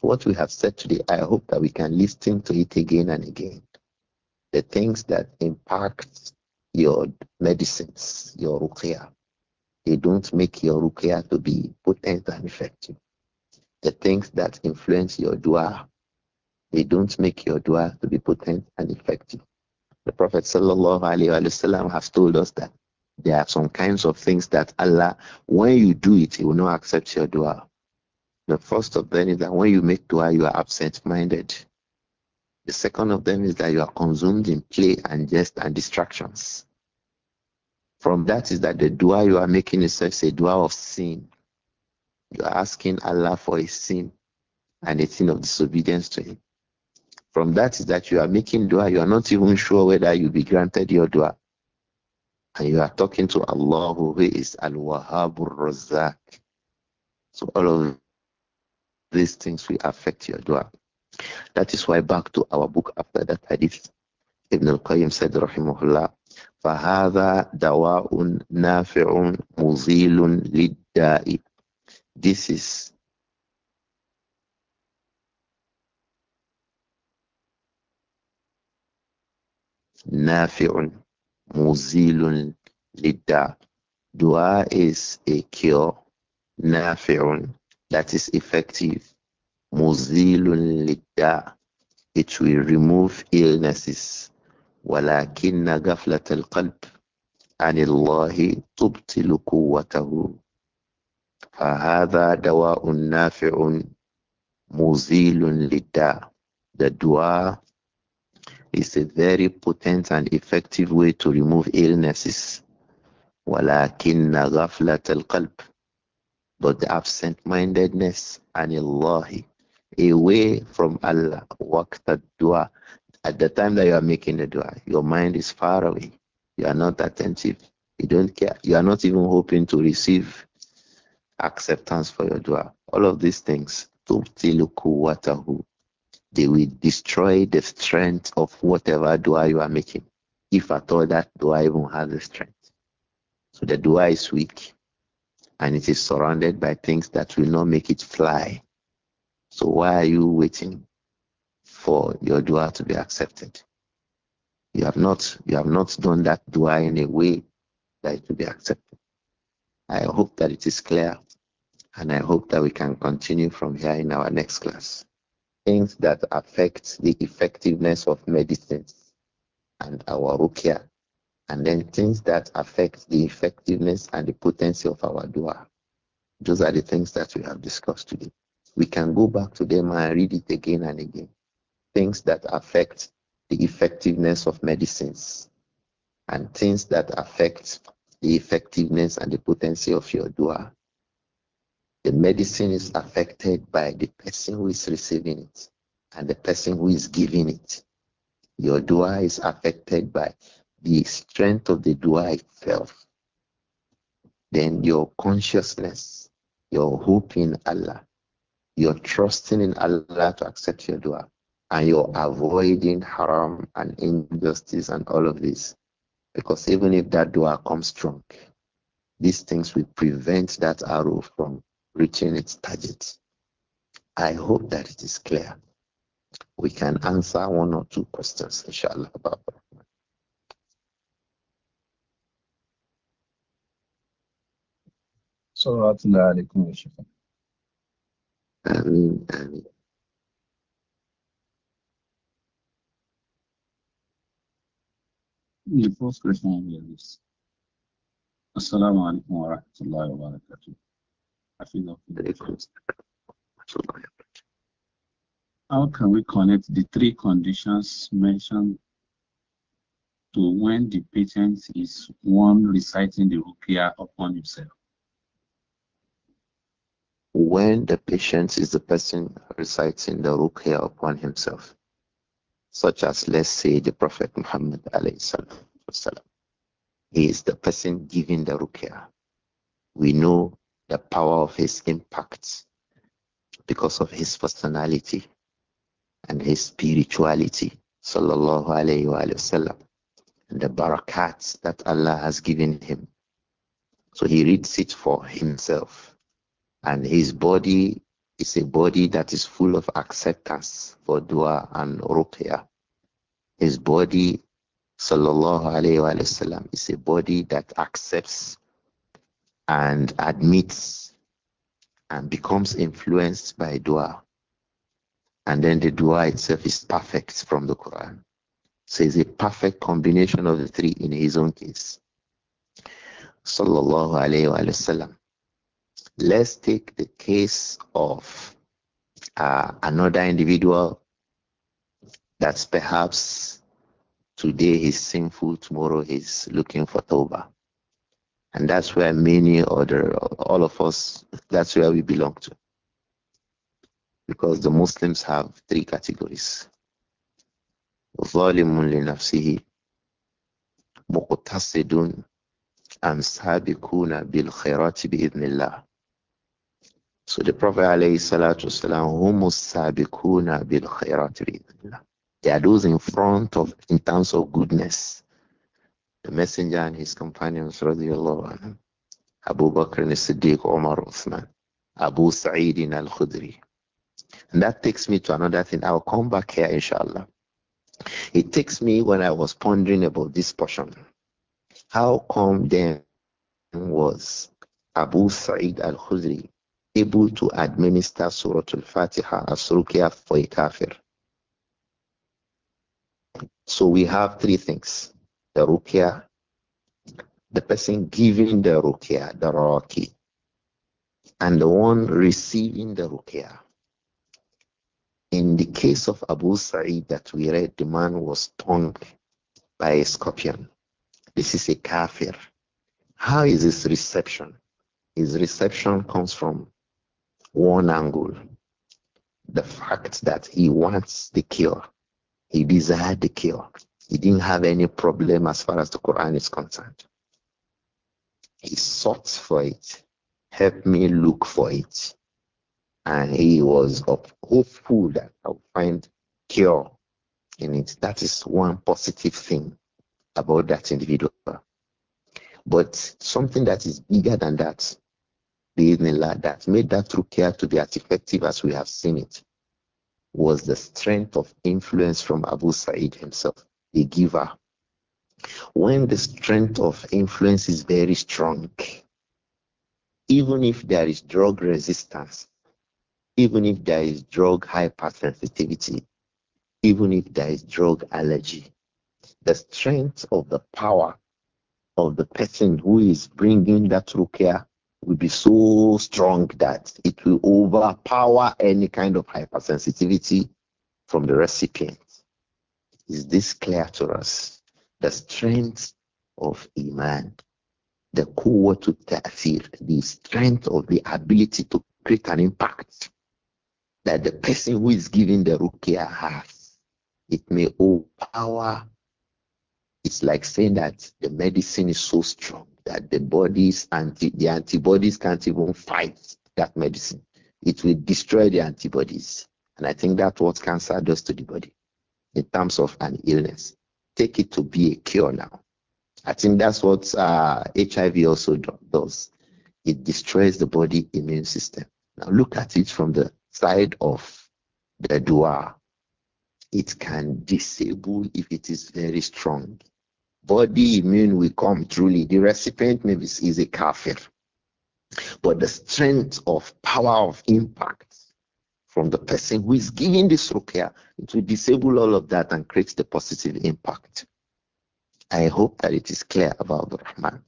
What we have said today, I hope that we can listen to it again and again the things that impact your medicines, your ruqya. They don't make your ruqya to be potent and effective. The things that influence your dua, they don't make your dua to be potent and effective. The Prophet ﷺ has told us that there are some kinds of things that Allah, when you do it, He will not accept your dua. The first of them is that when you make dua, you are absent minded. The second of them is that you are consumed in play and jest and distractions. From that is that the dua you are making is a dua of sin. You are asking Allah for a sin and a sin of disobedience to Him. From that is that you are making dua, you are not even sure whether you'll be granted your dua. And you are talking to Allah who is Al Wahhabur Razak. So all of these things will affect your dua. That is why back to our book after that hadith, Ibn al-Qayyim said, rahimahullah, فَهَذَا دَوَاءٌ نَافِعٌ مُزِيلٌ لِلدَّاءِ This is نافع مزيل للداء Dua is a cure, نافع that is effective, Muzilun lidda. It will remove illnesses. ولكن غفلة القلب an الله تبطل قوته فهذا دواء نافع مزيل The dua is a very potent and effective way to remove illnesses. ولكن غفلة القلب But the absent-mindedness عن away from Allah. Waqt dua. At the time that you are making the dua, your mind is far away. You are not attentive. You don't care. You are not even hoping to receive acceptance for your dua. All of these things, they will destroy the strength of whatever dua you are making, if at all that dua even has the strength. So the dua is weak and it is surrounded by things that will not make it fly. So why are you waiting for your dua to be accepted? You have not you have not done that dua in a way that it will be accepted. I hope that it is clear and I hope that we can continue from here in our next class. Things that affect the effectiveness of medicines and our rukia, and then things that affect the effectiveness and the potency of our dua. Those are the things that we have discussed today we can go back to them and read it again and again. Things that affect the effectiveness of medicines and things that affect the effectiveness and the potency of your dua. The medicine is affected by the person who is receiving it and the person who is giving it. Your dua is affected by the strength of the dua itself. Then your consciousness, your hope in Allah, you're trusting in Allah to accept your dua. And you're avoiding haram and injustice and all of this. Because even if that dua comes strong, these things will prevent that arrow from reaching its target. I hope that it is clear. We can answer one or two questions, inshallah. صلوات الله عليكم how can we connect the three conditions mentioned to when the patient is one reciting the rukia upon himself? when the patient is the person reciting the ruqya upon himself, such as, let's say, the Prophet Muhammad. He is the person giving the ruqya. We know the power of his impact because of his personality and his spirituality. Sallallahu alayhi wa sallam. And the barakats that Allah has given him. So he reads it for himself and his body is a body that is full of acceptance for dua and ruqya. His body, sallallahu alayhi wa sallam, is a body that accepts and admits and becomes influenced by dua. And then the dua itself is perfect from the Quran. So it's a perfect combination of the three in his own case. Sallallahu alayhi wa sallam. Let's take the case of uh, another individual that's perhaps today he's sinful, tomorrow he's looking for Toba. And that's where many other, all of us, that's where we belong to. Because the Muslims have three categories. ظالم nafsihi, muqtasidun, and bil بالخيرات bi idnillah. So the Prophet والسلام, They are those in front of in terms of goodness. The messenger and his companions anhu, Abu Bakr and Siddiq Omar Uthman, Abu Sa'id al Khudri. And that takes me to another thing. I'll come back here inshallah. It takes me when I was pondering about this portion. How come then was Abu Sa'id al Khudri able to administer Surah Al-Fatiha as Rukia for a kafir. So we have three things. The Rukia, the person giving the Rukia, the Raki, and the one receiving the Rukia. In the case of Abu Sa'id that we read, the man was stung by a scorpion. This is a kafir. How is his reception? His reception comes from one angle the fact that he wants the cure, he desired the cure. He didn't have any problem as far as the Quran is concerned. He sought for it, helped me look for it, and he was hopeful that I'll find cure in it. That is one positive thing about that individual. But something that is bigger than that bi'idhnillah, that made that care to be as effective as we have seen it was the strength of influence from Abu Sa'id himself, the giver. When the strength of influence is very strong, even if there is drug resistance, even if there is drug hypersensitivity, even if there is drug allergy, the strength of the power of the person who is bringing that care will be so strong that it will overpower any kind of hypersensitivity from the recipient. Is this clear to us? The strength of Iman, the core to ta'fir, the strength of the ability to create an impact that the person who is giving the rukia has. It may overpower. It's like saying that the medicine is so strong that the body's anti the antibodies can't even fight that medicine. It will destroy the antibodies. And I think that's what cancer does to the body in terms of an illness. Take it to be a cure now. I think that's what uh, HIV also do does. It destroys the body immune system. Now look at it from the side of the door. It can disable if it is very strong body immune will come truly. The recipient maybe is a kafir. But the strength of power of impact from the person who is giving this ruqya, it will disable all of that and create the positive impact. I hope that it is clear about the Rahman.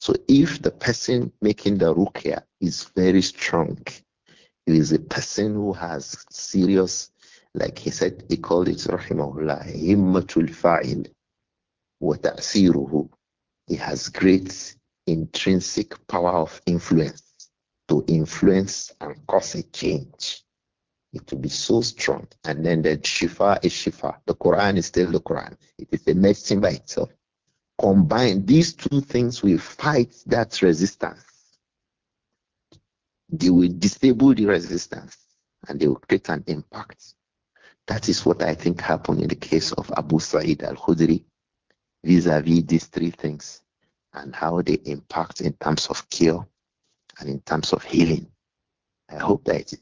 So if the person making the ruqya is very strong, it is a person who has serious, like he said, he called it rahimahullah, himmatul fa'il. وَتَأْثِيرُهُ He has great intrinsic power of influence to influence and cause a change. It will be so strong. And then the Shifa is Shifa. The Quran is still the Quran. It is a medicine by itself. Combined, these two things will fight that resistance. They will disable the resistance and they will create an impact. That is what I think happened in the case of Abu Sa'id al Khudri vis a vis these three things and how they impact in terms of cure and in terms of healing. I hope that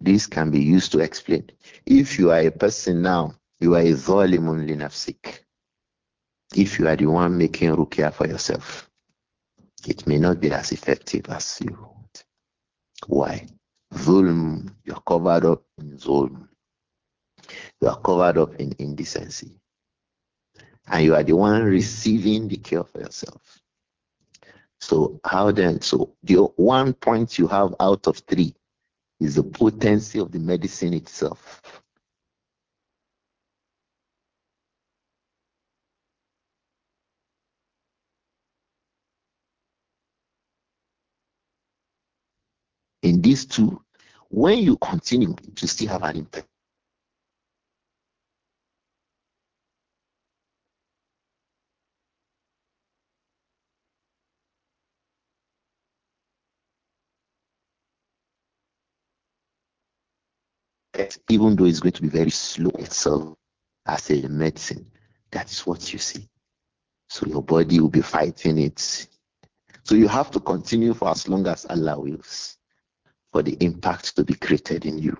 this can be used to explain. If you are a person now, you are a zalimun linafsik. If you are the one making rukia for yourself, it may not be as effective as you want. Why? Zulm, you are covered up in zulm. You are covered up in indecency and you are the one receiving the care for yourself. So how then? So the one point you have out of three is the potency of the medicine itself. In these two, when you continue, you still have an impact. even though it's going to be very slow itself as a medicine, that is what you see. So your body will be fighting it. So you have to continue for as long as Allah wills for the impact to be created in you.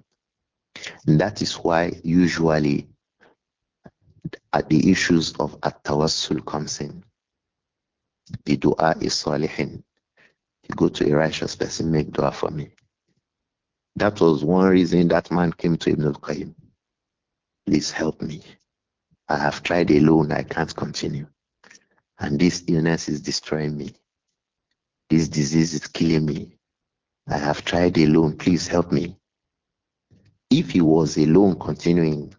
And that is why usually at the issues of at-tawassul comes in. The dua is salihin. You go to a righteous person, make dua for me. That was one reason that man came to Ibn al-Qayyim. Please help me. I have tried alone. I can't continue. And this illness is destroying me. This disease is killing me. I have tried alone. Please help me. If he was alone continuing,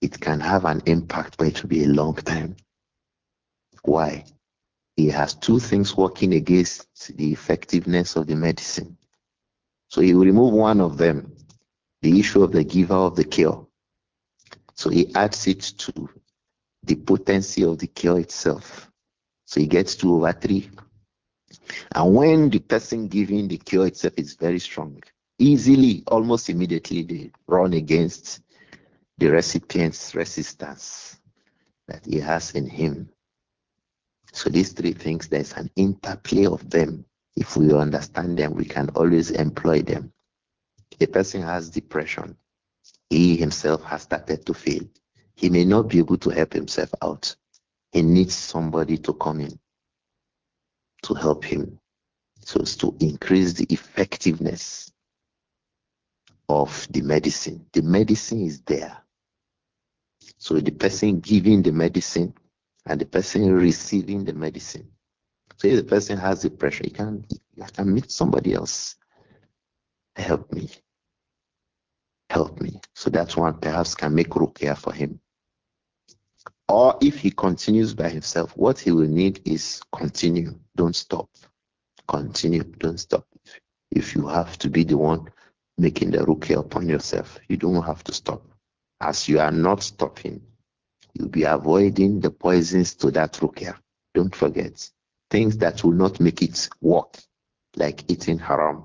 it can have an impact, but it will be a long time. Why? He has two things working against the effectiveness of the medicine. So he will remove one of them, the issue of the giver of the cure. So he adds it to the potency of the cure itself. So he gets 2 over 3. And when the person giving the cure itself is very strong, easily, almost immediately, they run against the recipient's resistance that he has in him. So these three things, there's an interplay of them. If we understand them, we can always employ them. A person has depression. He himself has started to fail. He may not be able to help himself out. He needs somebody to come in to help him so as to increase the effectiveness of the medicine. The medicine is there. So the person giving the medicine and the person receiving the medicine Say the person has the pressure, you can you can meet somebody else. Help me. Help me. So that one perhaps can make ruqya for him. Or if he continues by himself, what he will need is continue, don't stop. Continue, don't stop. If you have to be the one making the ruqya upon yourself, you don't have to stop. As you are not stopping, you'll be avoiding the poisons to that ruqya. Don't forget things that will not make it work, like eating haram.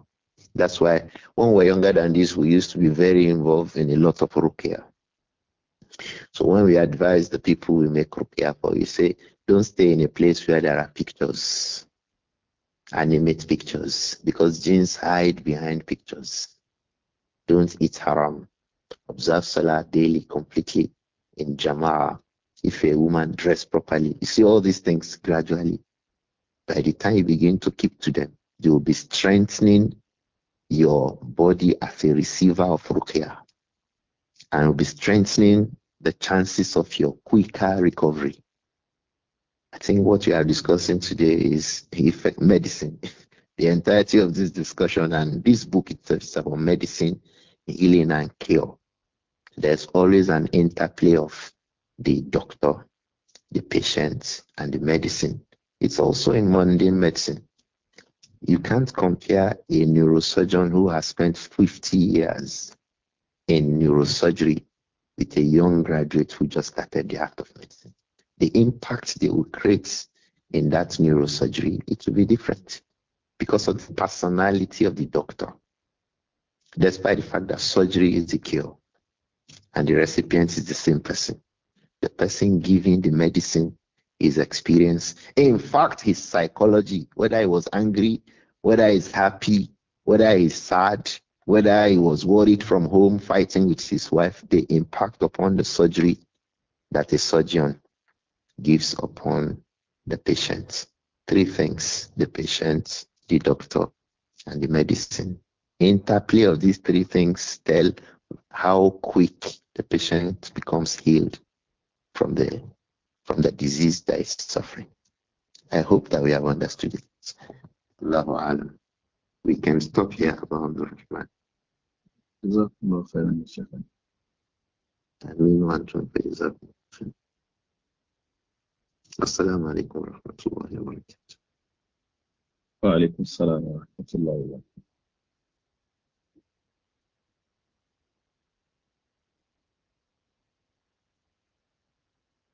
That's why when we are younger than this, we used to be very involved in a lot of ruqya. So when we advise the people we make ruqya for, we say, don't stay in a place where there are pictures, animate pictures, because jinns hide behind pictures. Don't eat haram. Observe salah daily completely in jama'ah. If a woman dress properly, you see all these things gradually. By the time you begin to keep to them, you will be strengthening your body as a receiver of rukia, and will be strengthening the chances of your quicker recovery. I think what we are discussing today is effect medicine. the entirety of this discussion and this book itself is about medicine, healing, and cure. There's always an interplay of the doctor, the patient, and the medicine. It's also in mundane medicine. You can't compare a neurosurgeon who has spent 50 years in neurosurgery with a young graduate who just started the art of medicine. The impact they will create in that neurosurgery, it will be different because of the personality of the doctor. Despite the fact that surgery is the cure and the recipient is the same person, the person giving the medicine his experience, in fact, his psychology, whether he was angry, whether he's happy, whether he's sad, whether he was worried from home fighting with his wife, the impact upon the surgery that a surgeon gives upon the patient. Three things the patient, the doctor, and the medicine. Interplay of these three things tell how quick the patient becomes healed from the from the disease that is suffering. I hope that we have understood it. Allahu Alam. We can stop here, about the Jazakumullah khairan, Shaykh. And we want to pay Jazakumullah. Assalamu alaikum wa rahmatullahi wa barakatuh. وعليكم السلام ورحمة الله وبركاته